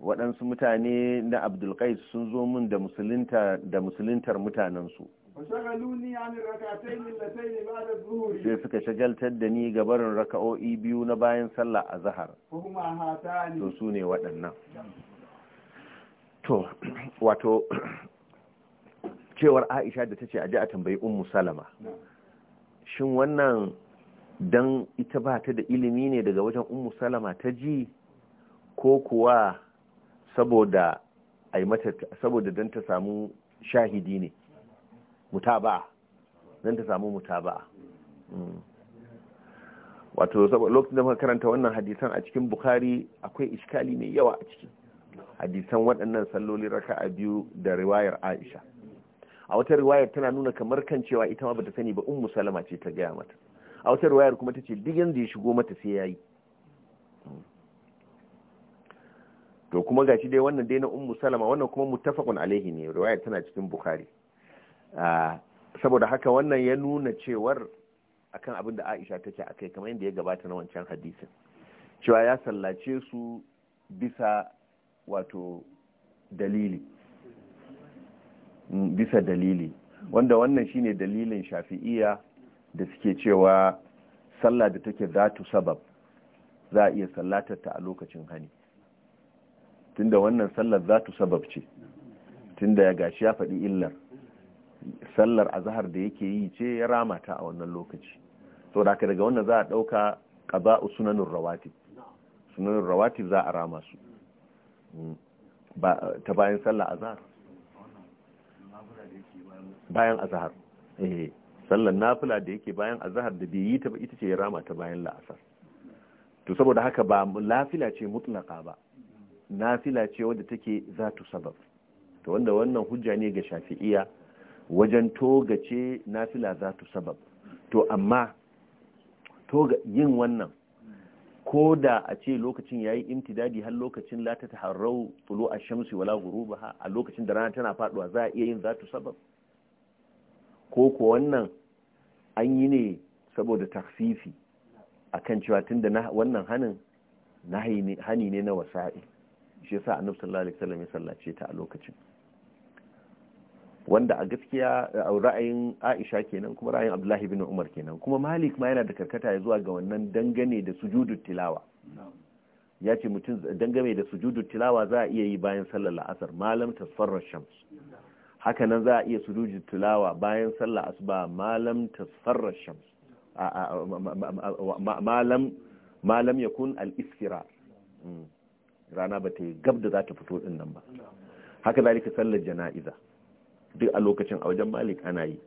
waɗansu mutane na qais sun zo min da musulunta da musuluntar mutanensu sai suka shagaltar da ni ga raka'o'i biyu na bayan sallah a zahar to su ne waɗannan to [clears throat] wato [clears throat] cewar aisha da ta ce ji a tambayi ummu salama shin wannan dan ita ba ta da ilimi ne daga wajen ummu salama ta ji ko kuwa saboda a yi mata saboda don ta samu shahidi ne mutaba don ta samu mutaba, mm. wato lokacin da muka karanta wannan hadisan a cikin bukhari akwai iskali mai yawa a ciki hadisan waɗannan salloli a biyu da riwayar aisha a wata riwayar tana nuna kamar kan cewa ita ma bata sani ba ummu salama ce ta gaya mata a wata riwayar kuma ta ce duk da ya shigo mata sai ya yi. Mm. to kuma gashi dai wannan dai na ummu salama wannan kuma muttafaqun alaihi ne riwaya tana cikin bukhari ah, saboda haka wannan ya nuna cewar akan abin da Aisha take akai kamar yadda ya gabata na wancan hadisin cewa ya sallace su bisa wato dalili hmm, bisa dalili wanda wannan shine dalilin shafi'iya da suke cewa sallah da take zatu sabab za a iya sallatar ta a lokacin hani tunda wannan sallar za ta sababci, tunda ya gashi ya faɗi illar sallar azahar da yake yi ce ya ramata a wannan lokaci to da ka daga wannan za a ɗauka ƙaba'u sunanin rawatib sunanin rawatib za a rama su ta bayan sallar azahar bayan azahar eh sallar nafila da yake bayan azahar da bai yi ta ba ita ce ya rama ta bayan la'asar to saboda haka ba lafila ce mutlaka ba nafila ce wadda take zatu sabab to wanda wannan hujja ne ga shafi'iya wajen toga ce nafila zatu sabab to amma toga yin wannan ko da a ce lokacin yayi imtidadi har lokacin la ta taharrau tulu a shamsi wala gurubaha a lokacin da rana tana faduwa za a iya yin zatu sabab ko ko wannan an yi ne saboda taksifi akan cewa tunda wannan hanin hani ne na wasa'i shi yasa annabi sallallahu alaihi wasallam ya sallace ta a lokacin wanda a gaskiya a ra'ayin Aisha kenan kuma ra'ayin Abdullahi bin Umar kenan kuma Malik ma yana da karkata ya zuwa ga wannan dangane da sujudu tilawa ya ce mutum dangane da sujudu tilawa za a iya yi bayan sallar la'asar malam tasfarar shams haka nan za a iya sujudu tilawa bayan sallar asuba malam tasfarar shams malam malam yakun al iskira rana ba ta yi gab da za ta fito din nan ba haka zalika sallar jana'iza duk a lokacin a wajen malik ana yi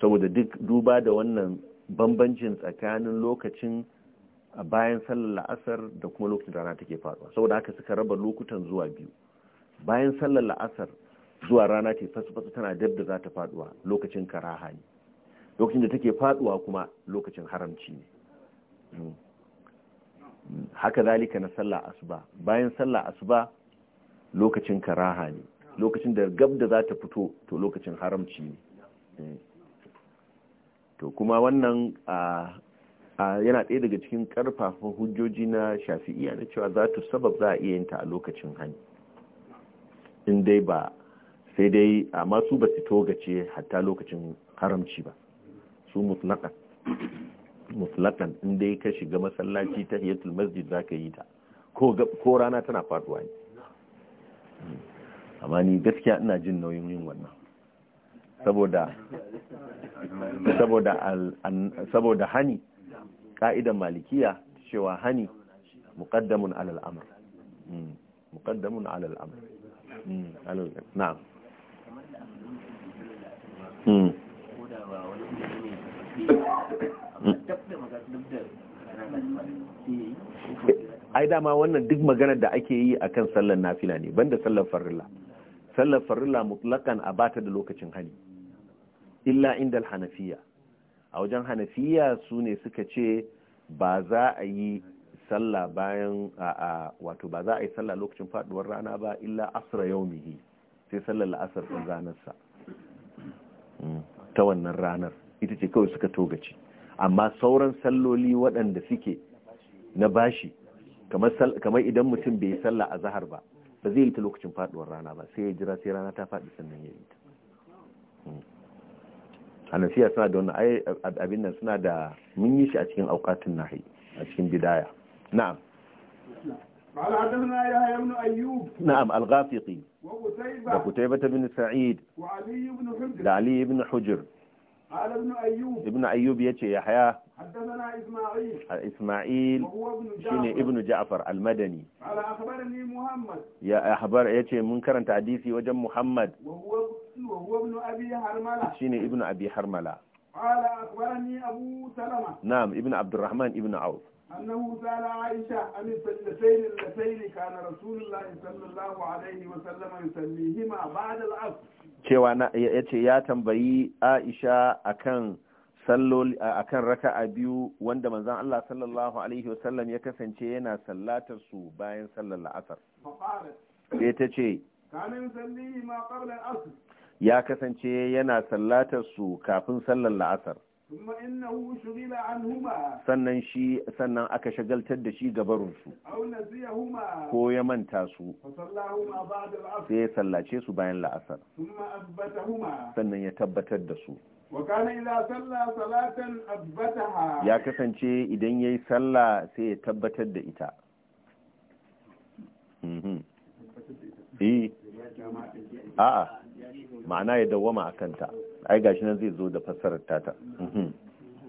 saboda duk duba da wannan bambancin tsakanin lokacin a bayan sallar la'asar da kuma lokacin rana rana take faruwa saboda haka suka raba lokutan zuwa biyu bayan sallar la'asar zuwa rana ce fasfasa tana dab da za ta faduwa lokacin karaha ne lokacin da take faduwa kuma lokacin haramci ne hmm. haka zalika na sallah asuba bayan sallah asuba lokacin karaha ne lokacin da gab da za ta fito to lokacin haramci ne eh. to kuma wannan yana ɗaya daga cikin ƙarfafin hujjoji na shafi'iya na cewa za ta sabab za a iya yin ta a lokacin hani in dai ba sai dai amma su ba su togace hatta lokacin haramci ba su mutlaka mutlaqan in dai ka shiga masallaci ta hiyatul masjid za ka yi ta ko rana tana faduwa ne amma ni gaskiya ina jin nauyin yin wannan saboda saboda hani ka'idan malikiya cewa hani muqaddamun alal amr hmm, muqaddamun alal amr hmm, na'am hmm. ai dama wannan duk maganar da ake yi akan sallar nafila ne banda sallar farilla sallar farilla mutlakan a bata da lokacin hali illa inda hanafiya a wajen hanafiya su ne suka ce ba za a yi salla bayan a wato ba za a yi salla lokacin faduwar rana ba illa asra yaumihi sai sallar la'asar ɗin ranarsa hmm, ta wannan ranar ita ce kawai suka togaci amma sauran salloli waɗanda suke na bashi kamar idan mutum bai yi sallah a zahar ba ba zai yi ta lokacin faduwar rana ba sai ya jira sai rana ta faɗi sannan ya yi ta hmm. hannafiya suna da wani abin nan suna da mun yi shi a cikin aukatun nahi a cikin bidaya na'am na'am al-ghafiqi da kutaiba bin sa'id da ali ibn hujr ibnu ayyub ya ce yahaya al-isma'il shine ibnu ja'far al-madani ya ce mun karanta hadisi wajen muhammad shine ibnu abi harmala qala na'am ibnu abdurrahman ibnu auf أنه سأل عائشة عن السجدتين اللتين كان رسول الله صلى الله عليه وسلم يسميهما بعد العصر cewa yace ya tambayi Aisha akan salloli akan raka'a biyu wanda manzon Allah sallallahu alaihi wasallam ya kasance yana sallatar su bayan sallar la'asar sai ta ce ya kasance yana sallatar su kafin sallar la'asar sannan shi sannan aka shagaltar da shi gabarinsu ko ya manta su sai ya sallace su bayan la'asar sannan ya tabbatar da su ya kasance idan ya yi sallah sai ya tabbatar da ita a'a ma'ana ya dawwama a kanta ai gashi nan zai zo da fassarar tata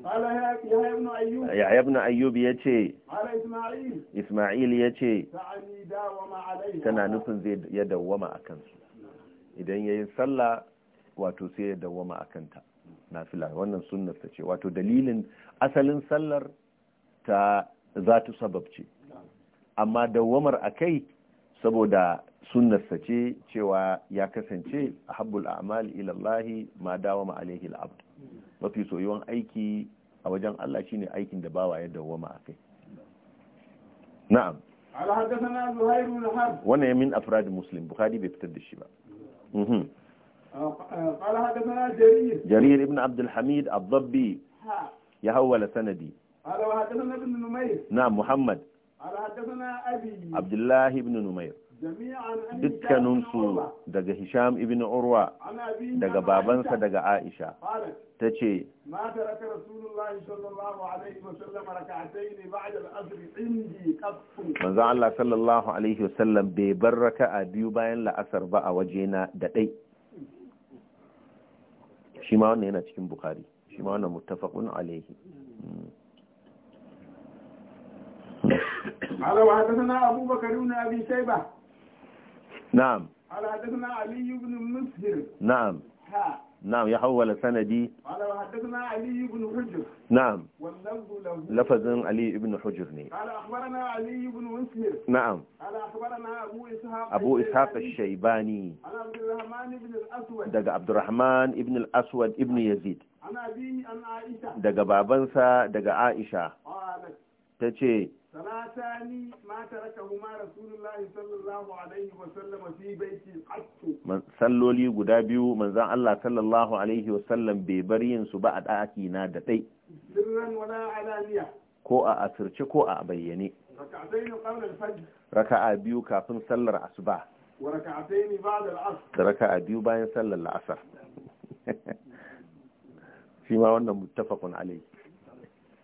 Yahya mhm. yabna Ayyub ya ce, Ismail ya ce, tana nufin zai ya dawwama a kansu, idan ya yi sallah wato sai ya dawwama a kanta, na fila wannan ta ce, wato dalilin asalin sallar ta zatu sabab ce, amma dawwamar a kai saboda sunnarsa ce cewa ya kasance a habbul a'mal ilallahi ma dawa ma alaihi al'abd mafi soyuwan aiki a wajen Allah shine aikin da bawa ya dawwama a kai na'am wannan ya min afrad muslim bukhari bai fitar da shi ba mhm. jarir ibn Abdulhamid hamid ad ya hawwala sanadi na'am muhammad عبد الله بن نمير dukkaninsu daga hisham ibn urwa daga babansa daga aisha ta ce manzo Allah sallallahu alaihi wasallam bai bar raka'a biyu bayan la'asar ba a wajena da ɗai shi ma wannan yana cikin bukari shi ma wannan muttafaqun alaihi قال وحدثنا أبو بكر بن أبي شيبة نعم قال حدثنا علي بن مسهر نعم ها نعم يحول سندي قال حدثنا علي بن حجر نعم واللفظ له لفظ علي بن حجر ني قال اخبرنا علي بن مسهر نعم قال اخبرنا ابو اسحاق ابو اسحاق الشيباني عن عبد الرحمن بن الاسود دغ عبد الرحمن بن الاسود ابن يزيد عن ابي عن عائشه دغ بابنسا دغ عائشه قالت tace salatani salloli guda biyu manzan Allah sallallahu alaihi wa sallam bai bar yin su ba a ɗaki na da ɗai. ko a asirce ko a bayyane Raka a biyu kafin sallar asuba da a biyu bayan sallar la'asar [laughs] shi wannan muttafaqun alai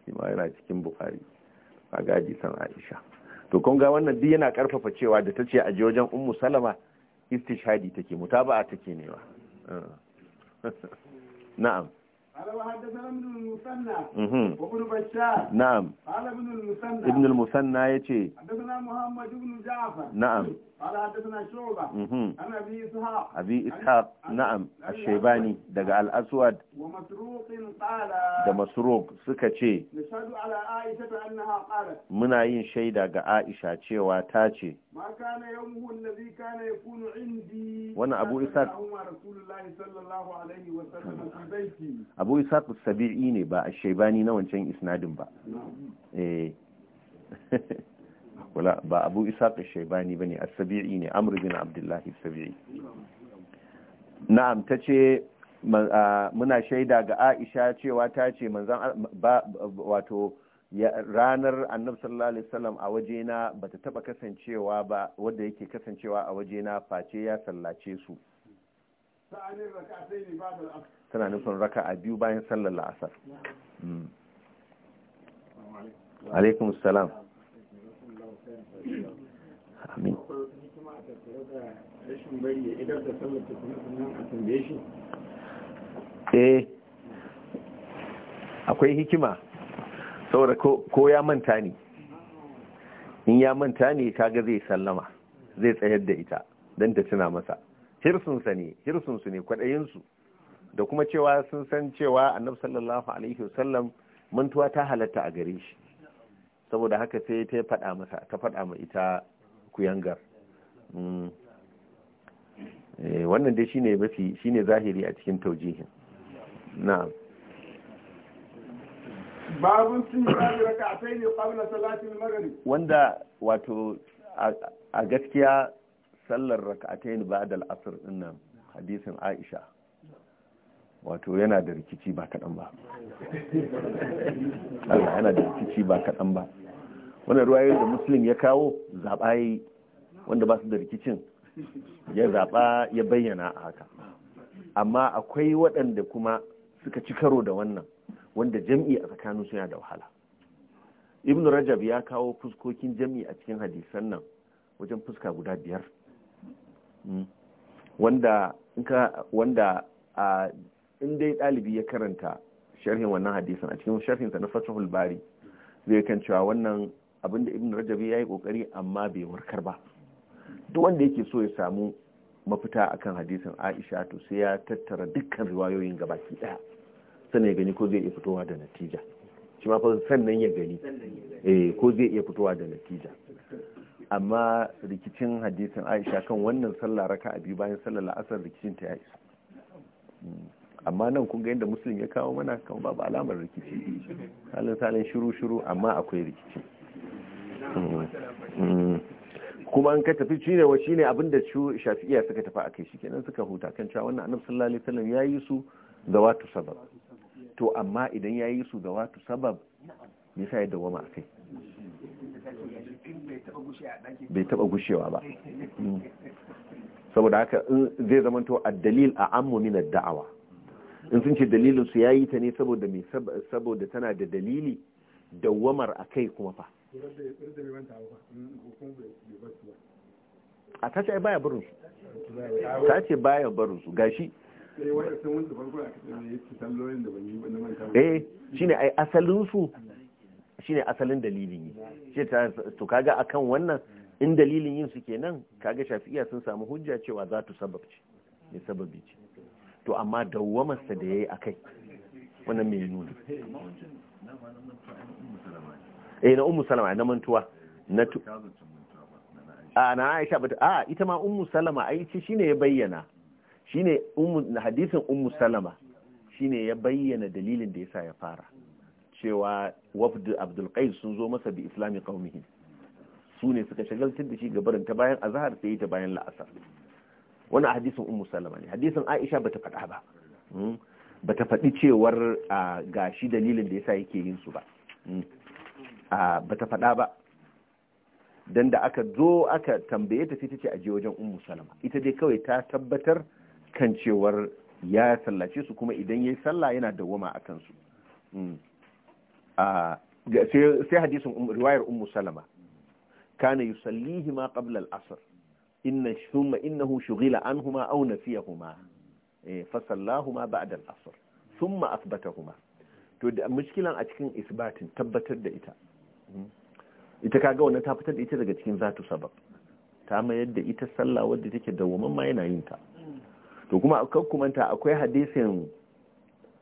shi ma yana cikin bukhari a ga san Aisha to kun ga wannan duk yana karfafa cewa da ta ce a ji wajen Ummu Salama istishadi take mutaba'a take newa [laughs] na'am ibnanna yace mmajafar hak na'amaani daga laswad da masrug suka ce muna yin shaida ga aisha cewa ta ce wannan abu يومه abu كان يكون عندي ne ba a shaibani na wancan isnadin ba eh ba abu isaq shaibani ba ne a sabii ne amur bin abdullahi sabii na'am ce muna shaida ga Aisha cewa ta ce manzan wato ranar annabi sallallahu alaihi wasallam a wajena bata taba kasancewa ba wanda yake kasancewa a wajena face ya sallace su tana nufin raka a biyu bayan sallar la'asar hmm. alaikum salam amin eh akwai hikima saboda ko ya manta ne in ya manta ne kaga zai sallama zai tsayar da ita don ta tuna masa hirsunsa ne hirsunsu ne kwaɗayinsu da kuma cewa sun san cewa annabi sallallahu alaihi wasallam mantuwa ta halatta a gare shi saboda haka sai ta faɗa masa ta faɗa ma ita kuyangar mm. eh, wannan dai shine mafi zahiri a cikin taujihin na'am babun sun yi raka a sai ne salatin wanda wato a gaskiya sallar raka'atain ba'da al-asr dinnan hadisin Aisha wato yana da rikici ba kaɗan ba [laughs] Allah yana da rikici ba kaɗan ba wannan ruwa da musulun ya kawo zaɓa yi wanda ba su da rikicin ya zaɓa ya bayyana a haka amma akwai waɗanda kuma suka ci karo da wannan wanda jam'i a tsakanin su yana da wahala ibn rajab ya kawo fuskokin jam'i a cikin hadisan nan wajen fuska guda biyar hmm. wanda a in dai ɗalibi ya karanta sharhin wannan hadisan a cikin sharhinsa na fatahul bari zai kan cewa wannan abinda ibn rajab ya yi kokari amma bai warkar ba duk wanda yake so ya samu mafita akan hadisan aisha to sai ya tattara dukkan riwayoyin gabaki ɗaya. sannan ya gani ko zai iya fitowa da natija shi ma sannan ya gani eh ko zai iya fitowa da natija amma rikicin hadisin Aisha kan wannan sallah raka a biyu bayan sallar la'asar rikicin ta ya isa hmm. amma nan kun ga yadda musulun ya kawo mana kan babu alamar rikici halin salin shiru shiru amma akwai rikici hmm. Hmm. kuma an ka tafi shine wa shine abin da shafi'iya suka tafi a kai shi kenan suka huta kan cewa wannan annabi sallallahu alaihi wasallam yayi su zawatu sabab to amma idan ya yi su da watu sabab ya sa ya dawama kai bai taba gushewa ba hmm. saboda haka zai zamanto a dalil a ammu min da'awa in sun ce dalilin su yi ta ne saboda me saboda tana da dalili dawamar kai kuma fa a tace baya barinsu ta ce baya barinsu, gashi eh shine ai asalin su shine asalin dalilin yi shi to kaga akan wannan in dalilin yin su kenan kaga shafi'iyya sun samu hujja cewa za ta sabab ce ne sababi ce to amma dawwamar sa da yayi akai wannan mai nuna eh na ummu salama na mantuwa na a na aisha ba a ita ma ummu salama ai ce shine ya bayyana shine hadisin ummu salama shine ya bayyana dalilin da yasa ya fara cewa wafd abdul qais sun zo masa bi islami qaumihi su ne suka shagaltar da shi gabarin ta bayan azhar sai ta bayan la'asar wani hadisin ummu salama ne hadisin aisha bata faɗa ba hmm? bata faɗi cewar gashi dalilin da yasa yake yin su ba hmm? bata faɗa ba dan da aka zo aka tambaye ta sai ta ce aje wajen ummu salama ita dai kawai ta tabbatar kan cewar ya sallace su kuma idan ya yi sallah yana dawwama a kansu mm. sai hadisin um, riwayar ummu salama kana yusallihi ma qabla al-asr inna thumma innahu shughila anhuma aw nafiyahuma eh, fa sallahuma ba'da al-asr thumma athbatahuma to da mushkilan a cikin isbatin tabbatar da ita mm. ita kaga wannan ta fitar da ita daga cikin zatu sabab ta mayar da ita sallah wadda take dawwaman ma yana yin ta to kuma kakkumanta akwai hadisin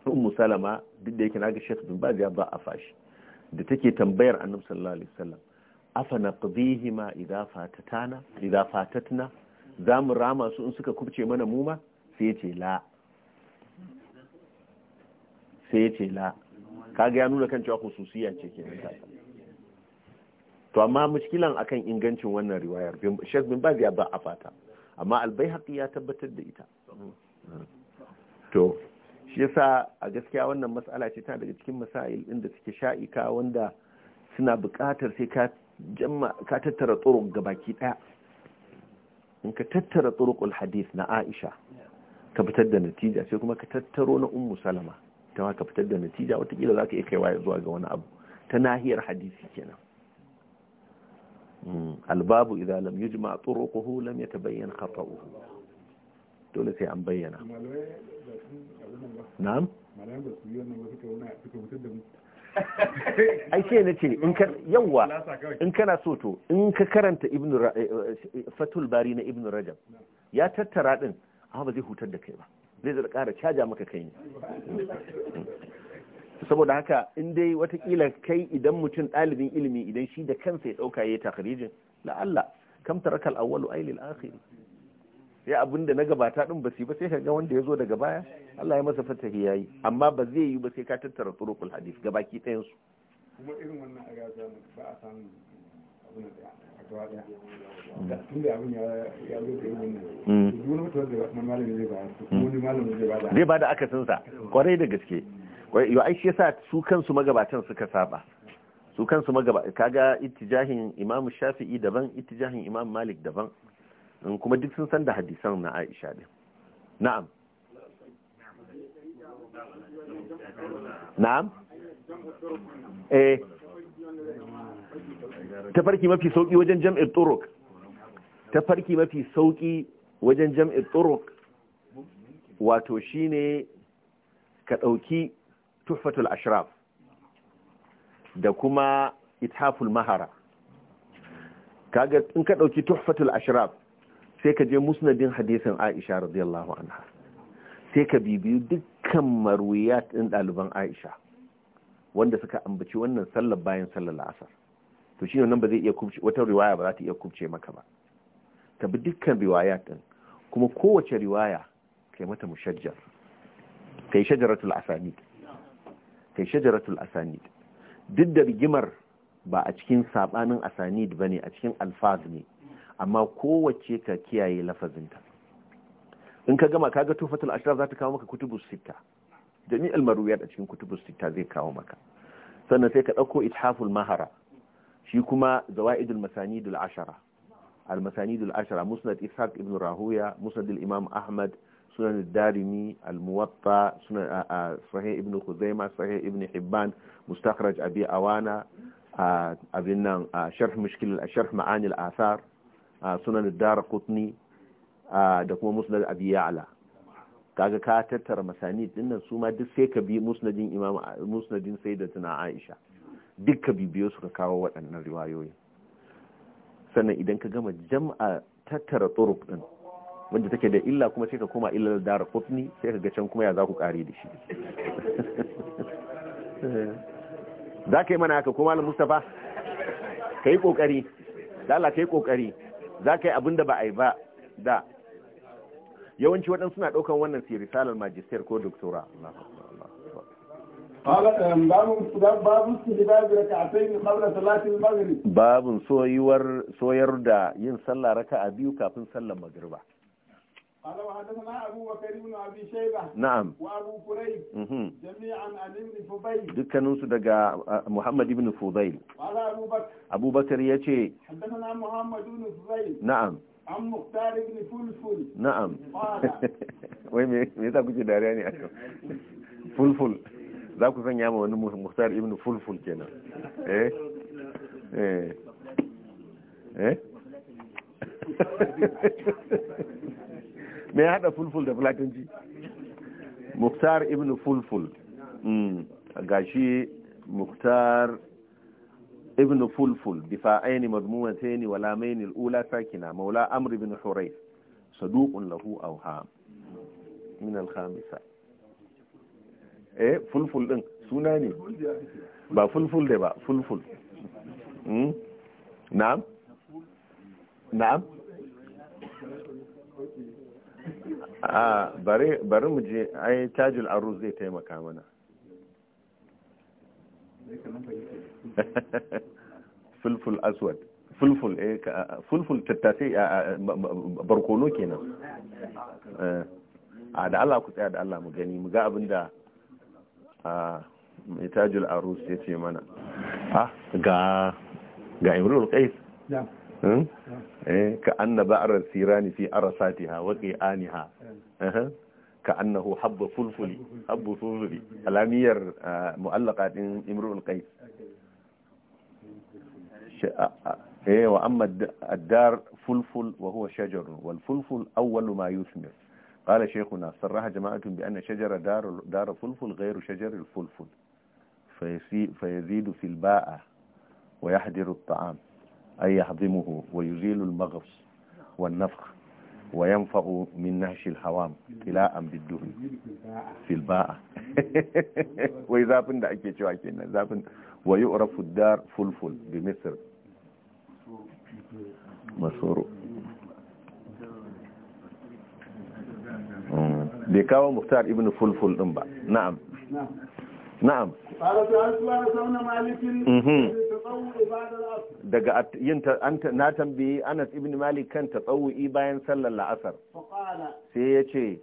ummu salama duk da yake naga sheikh bin baz ya ba a fashi da take tambayar annabi sallallahu alaihi wasallam afa ma idza fatatana idza fatatna za mu rama su in suka kubce mana mu ma sai ya ce la sai ya ce la kaga ya nuna kan cewa hususiya ce ke nan to amma mushkilan akan ingancin wannan riwayar Sheikh bin Baz ya ba a fata amma albai haƙi ya tabbatar da ita to shi yasa a gaskiya wannan matsala ce ta daga cikin masail inda suke sha'ika wanda suna buƙatar sai ka jamma ka tattara tsoron gabaki ɗaya in ka tattara turuqul hadis na Aisha ka fitar da natija sai kuma ka tattaro na Ummu Salama ta ka fitar da natija watakila za ka iya kaiwa zuwa ga wani abu ta nahiyar hadisi kenan albabu idan lam yujma turuquhu lam yatabayyan khata'uhu dole sai an bayyana na'am ai sai na ce in ka yawa in kana so to in ka karanta ibnu eh, eh, fatul bari na Ibn rajab ya tattara din a ba zai hutar da kai ba zai zai kara caja maka kai ne saboda haka in dai watakila kai idan mutum ɗalibin ilimi idan shi da kansa ya ɗauka ya la Allah kam taraka al-awwalu ailil akhir sai abinda na gabata din basi ba sai ka ga wanda yazo daga baya Allah ya masa fatahi yayi amma ba zai yi ba sai ka tattara turuqul hadith gabaki ɗayan su kuma irin wannan a gasa ba a samu abin da tun da abin ya ya zo da wannan mm. wani mutum zai ba malami zai ba wani malami zai ba da zai ba da sa kwarai da gaske yau ai shi yasa su kansu magabatan suka saba su kansu magabatan kaga ittijahin Imam Shafi'i daban ittijahin Imam Malik daban kuma duk sun san da hadisan na Aisha din na'am na'am eh farki mafi sauki wajen jam'ir turuk farki mafi sauki wajen jam'ir turuk wato shine ka dauki tuhfatul ashraf da kuma ithaful mahara kaga in ka dauki tuhfatul ashraf sai ka je musnadin hadisin Aisha radiyallahu anha sai ka bibiyu dukkan marwiyat din daliban Aisha wanda suka ambaci wannan sallar bayan sallar la'asar to shine nan ba zai iya kubce wata riwaya ba za ta iya kubce maka ba ka bi dukkan riwayat din kuma kowace riwaya kai mata mushajjar kai shajaratul asanid kai shajaratul asanid duk da rigimar ba a cikin sabanin asanid bane a cikin alfaz ne amma kowace ka kiyaye lafazinta in ka gama kaga tufatul ashraf za ta kawo maka kutubus sita jami'ul marwiyat a cikin kutubus sita zai kawo maka sannan sai ka dauko ithaful mahara shi kuma zawaidul masanidul ashara al masanidul ashara musnad ishaq ibn rahuya musnad al imam ahmad sunan darimi al-muwatta sunan sahih ibn khuzaima sahih ibn hibban mustakhraj abi awana abin nan sharh mushkil sharh ma'ani al-athar sunan ad-darqutni da kuma musnad abi ya'la kaga ka tattara masani dinnan su ma duk sai ka bi musnadin imam musnadin sayyidatuna aisha duk ka bibiyo suka kawo waɗannan riwayoyi sannan idan ka gama jam'a tattara turuk din wanda take da illa kuma sai ka koma illar dara kofni sai ka ga kuma ya za ku kare da shi [laughs] za ka yi mana haka ko malam mustapha ka yi kokari lala ka yi kokari za ka yi abin da ba a yi ba da yawanci waɗansu na ɗaukan wannan siri salar majistar ko doktora um, babin soyuwar soyar da yin sallah raka a biyu kafin sallar magirba قال وحدثنا أبو بكر بن أبي شيبة نعم وأبو كريب جميعا عن ابن فضيل دكا نوسو دقا محمد بن فضيل قال أبو بكر أبو بكر يتي حدثنا محمد بن فضيل نعم عن مختار بن فلفل نعم قال وين ميزا كنت دارياني فلفل za ku sanya ma wani muhtar ibn fulful kenan eh eh eh me ya hada fulful da fulatanci muktar ibn fulful mm. gashi muktar ibn fulful difa'aini madmuwataini wa wala maini ula sakina maula amr ibn saduqun lahu min al-khamisa eh fulful din suna ne ba fulful da ba fulful hmm? na'am na'am a bari mu je ai tajil aruz zai taimaka mana [laughs] fulful aswad fulful eh fulful tattasai barkono kenan eh. a da Allah ku tsaya da Allah mu gani mu ga abinda a mai tajul aruz ya ce mana ah ga ga imrul qais إيه؟ إيه؟ كأن بأر السيران في أرساتها وقيانها إيه. كأنه حب فلفلي حب فلفلي الأمير آه، مؤلقة امرؤ القيس آه، آه، وأما الدار فلفل وهو شجر والفلفل أول ما يثمر قال شيخنا صرح جماعة بأن شجر دار, دار فلفل غير شجر الفلفل فيزيد في الباء ويحضر الطعام أي يحضمه ويزيل المغص والنفخ وينفع من نهش الحوام تلاء بالدهن في الباء [laughs] ويزافن دا أكي شو كينا زافن ويؤرف الدار فلفل بمصر مسور بكاو مختار ابن فلفل نعم نعم na'am mhm. daga yin na tambayi anas ibn malik kan tatsawu'i bayan sallar la'asar sai ya ce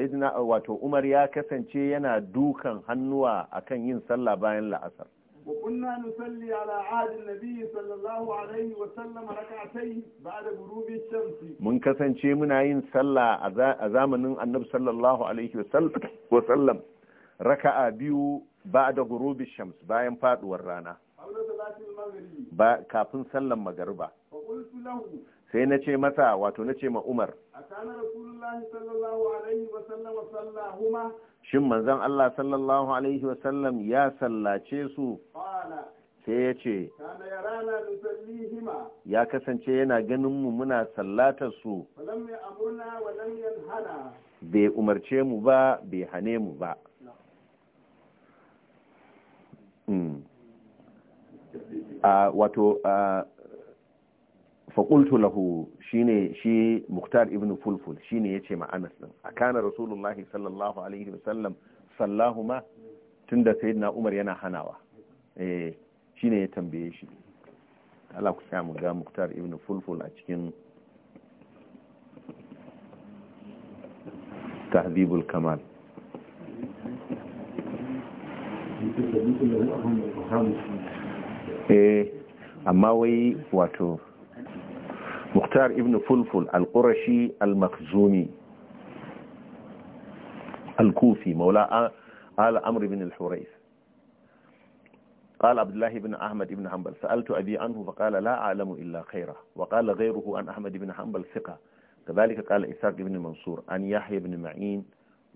sai wato umar ya kasance yana dukan hannuwa akan yin sallah bayan la'asar وكنا نصلي على عهد النبي صلى الله عليه وسلم ركعتين بعد غروب الشمس من muna yin sallah a zamanin Annabi sallallahu alaihi wasallam raka'a biyu ba'da ghurub shams bayan faduwar rana ba kafin sallan magariba sai na ce masa wato na ce ma Umar shin manzon Allah sallallahu alaihi wasallam ya sallace su sai ya ce ya kasance yana ganin mu muna sallatar su bai umarce mu ba bai hane mu ba hmm. ah, wato ah, فقلت له shine shi muktar ibn فلفل shine yace مع anas din رسول الله صلى الله عليه sallahu ma tunda sayyidina umar yana hanawa eh ne ya tambaye shi Allah ku samu ga muktar ibn fulful a cikin tahdhibul kamal eh amma wai wato مختار ابن فلفل القرشي المخزومي الكوفي مولى آل أمر بن الحريث قال عبد الله بن أحمد بن حنبل سألت أبي عنه فقال لا أعلم إلا خيره وقال غيره عن أحمد بن حنبل ثقة كذلك قال إسحاق بن منصور عن يحيى بن معين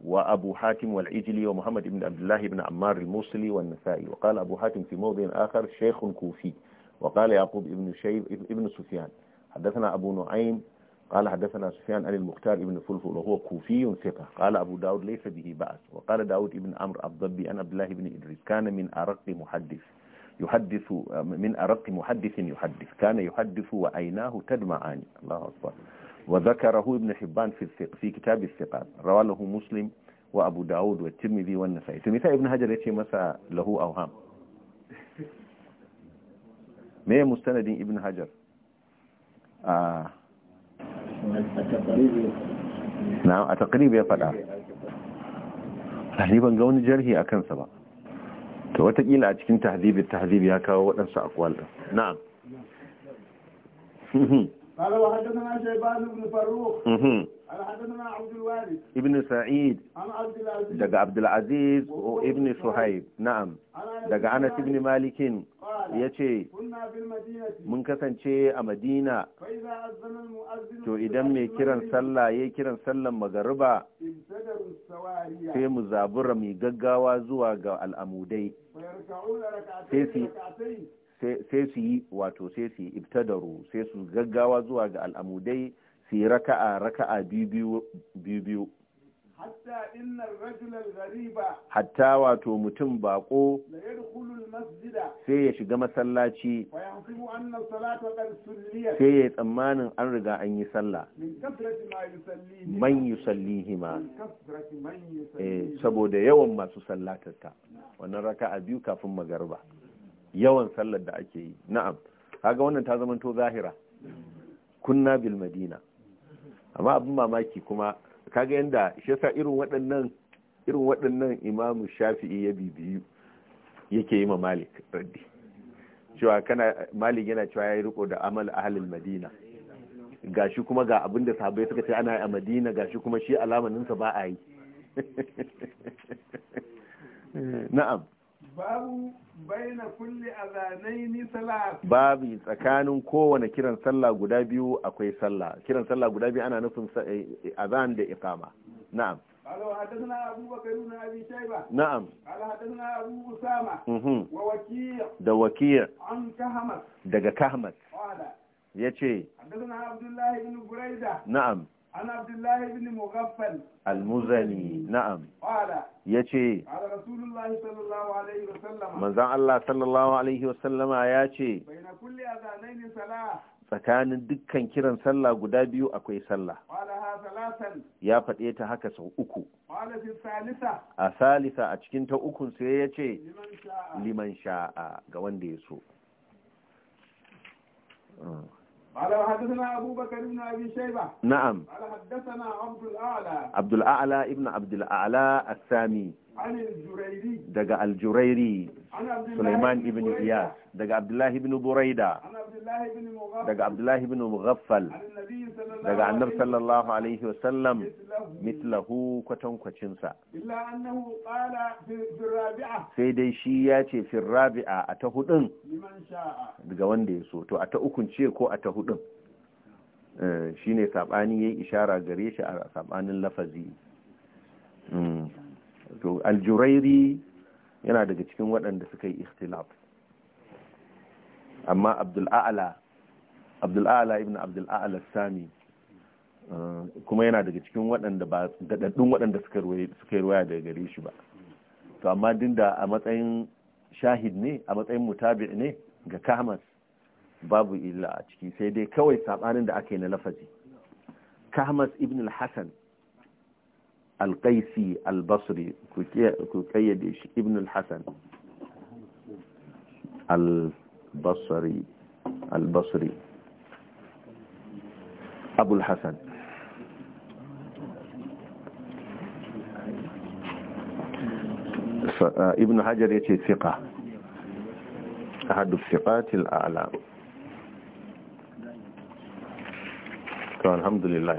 وأبو حاتم والعجلي ومحمد بن عبد الله بن عمار الموصلي والنسائي وقال أبو حاتم في موضع آخر شيخ كوفي وقال يعقوب ابن شيب ابن سفيان حدثنا أبو نعيم قال حدثنا سفيان عن المختار ابن فلفل وهو كوفي ثقة قال أبو داود ليس به بأس وقال داود ابن عمرو الضبي أن عبد الله بن إدريس كان من أرق محدث يحدث من أرق محدث يحدث كان يحدث وعيناه تدمعان الله أكبر وذكره ابن حبان في الثق في كتاب الثقات رواه له مسلم وأبو داود والترمذي والنسائي تمثال ابن هجر يتي مسا له أوهام [laughs] ما مستند ابن هجر Ah. na'am a takrib ya faɗa ban ga wani jarhi a kansa ba to watakila a cikin tahzibi tahzibi ya kawo waɗansu akwal ɗin na'am قال وحدثنا شيبان بن فروخ ibn sa'id daga abdulaziz ibn suhaib na'am daga anas ibn malikin ya ce mun kasance a madina to idan mai kiran sallah ya kiran sallan magariba sai mu zabura mai gaggawa zuwa ga al'amudai sai su yi wato sai su yi ibtadaru sai su gaggawa zuwa ga al'amudai su yi raka'a raka'a biyu biyu hatta wato mutum bako sai ya shiga masallaci sai ya tsammanin an riga an yi sallah man yi sallihi ma saboda yawan masu sallatarta wannan raka a biyu kafin magarba yawan sallar da ake yi na'am kaga wannan ta zama to zahira kunna bil madina amma abin mamaki kuma kaga yadda shi yasa irin waɗannan irin waɗannan imamu shafi'i ya bibiyu yake yi ma malik raddi cewa kana malik yana cewa ya yi riko da amal halin madina gashi kuma ga abin da sabai suka ce ana yi a madina gashi kuma shi alamaninsa ba a yi [laughs] na'am babu baina kulli azanaini salat babu tsakanin kowane kiran sallah guda biyu akwai sallah kiran sallah guda biyu ana nufin eh, eh, azan da iqama na'am قال وحدثنا أبو بكر بن أبي شيبة نعم قال حدثنا أبو أسامة ووكيع عن قال حدثنا عبد الله بن بريدة نعم عن عبد الله بن مغفل المزني نعم قال يجي على رسول الله صلى الله عليه وسلم من زعل الله صلى الله عليه وسلم ياتي بين كل أذانين صلاة tsakanin dukkan kiran sallah guda biyu akwai sallah ya faɗe ta haka sau uku a salisa a cikin ta ukun sai ya ce liman sha'a ga wanda ya so قال حدثنا أبو بكر بن أبي شيبة نعم قال حدثنا عبد الأعلى عبد الأعلى ابن عبد الأعلى السامي daga aljurairi Suleiman ibn Iyas daga Abdullahi ibn Buraida daga Abdullahi ibn Mughaffal daga Annab sallallahu alaihi sallam mitlahu kwatankwacinsa sai dai shi ya ce fil a ta hudun daga wanda ya so to a ta ukun ce ko a ta hudun eh, shine sabani yayi ishara gare shi a sabanin lafazi hmm. to aljurairi yana daga cikin waɗanda suka yi ikhtilaf amma abdul'a'ala ibn abdul'a'ala sami eh, kuma yana daga cikin waɗanda ba daɗaɗɗun waɗanda suka yi ruwaya daga gare shi ba to amma dinda a matsayin shahid ne a matsayin mutabi ne ga kahmas babu illa a ciki sai dai kawai saɓanin da aka yi na lafazi kahmas ibn al hassan القيسي البصري كوكيديش ابن الحسن البصري البصري أبو الحسن آه، ابن حجر يتي ثقة أحد الثقات الأعلام الحمد لله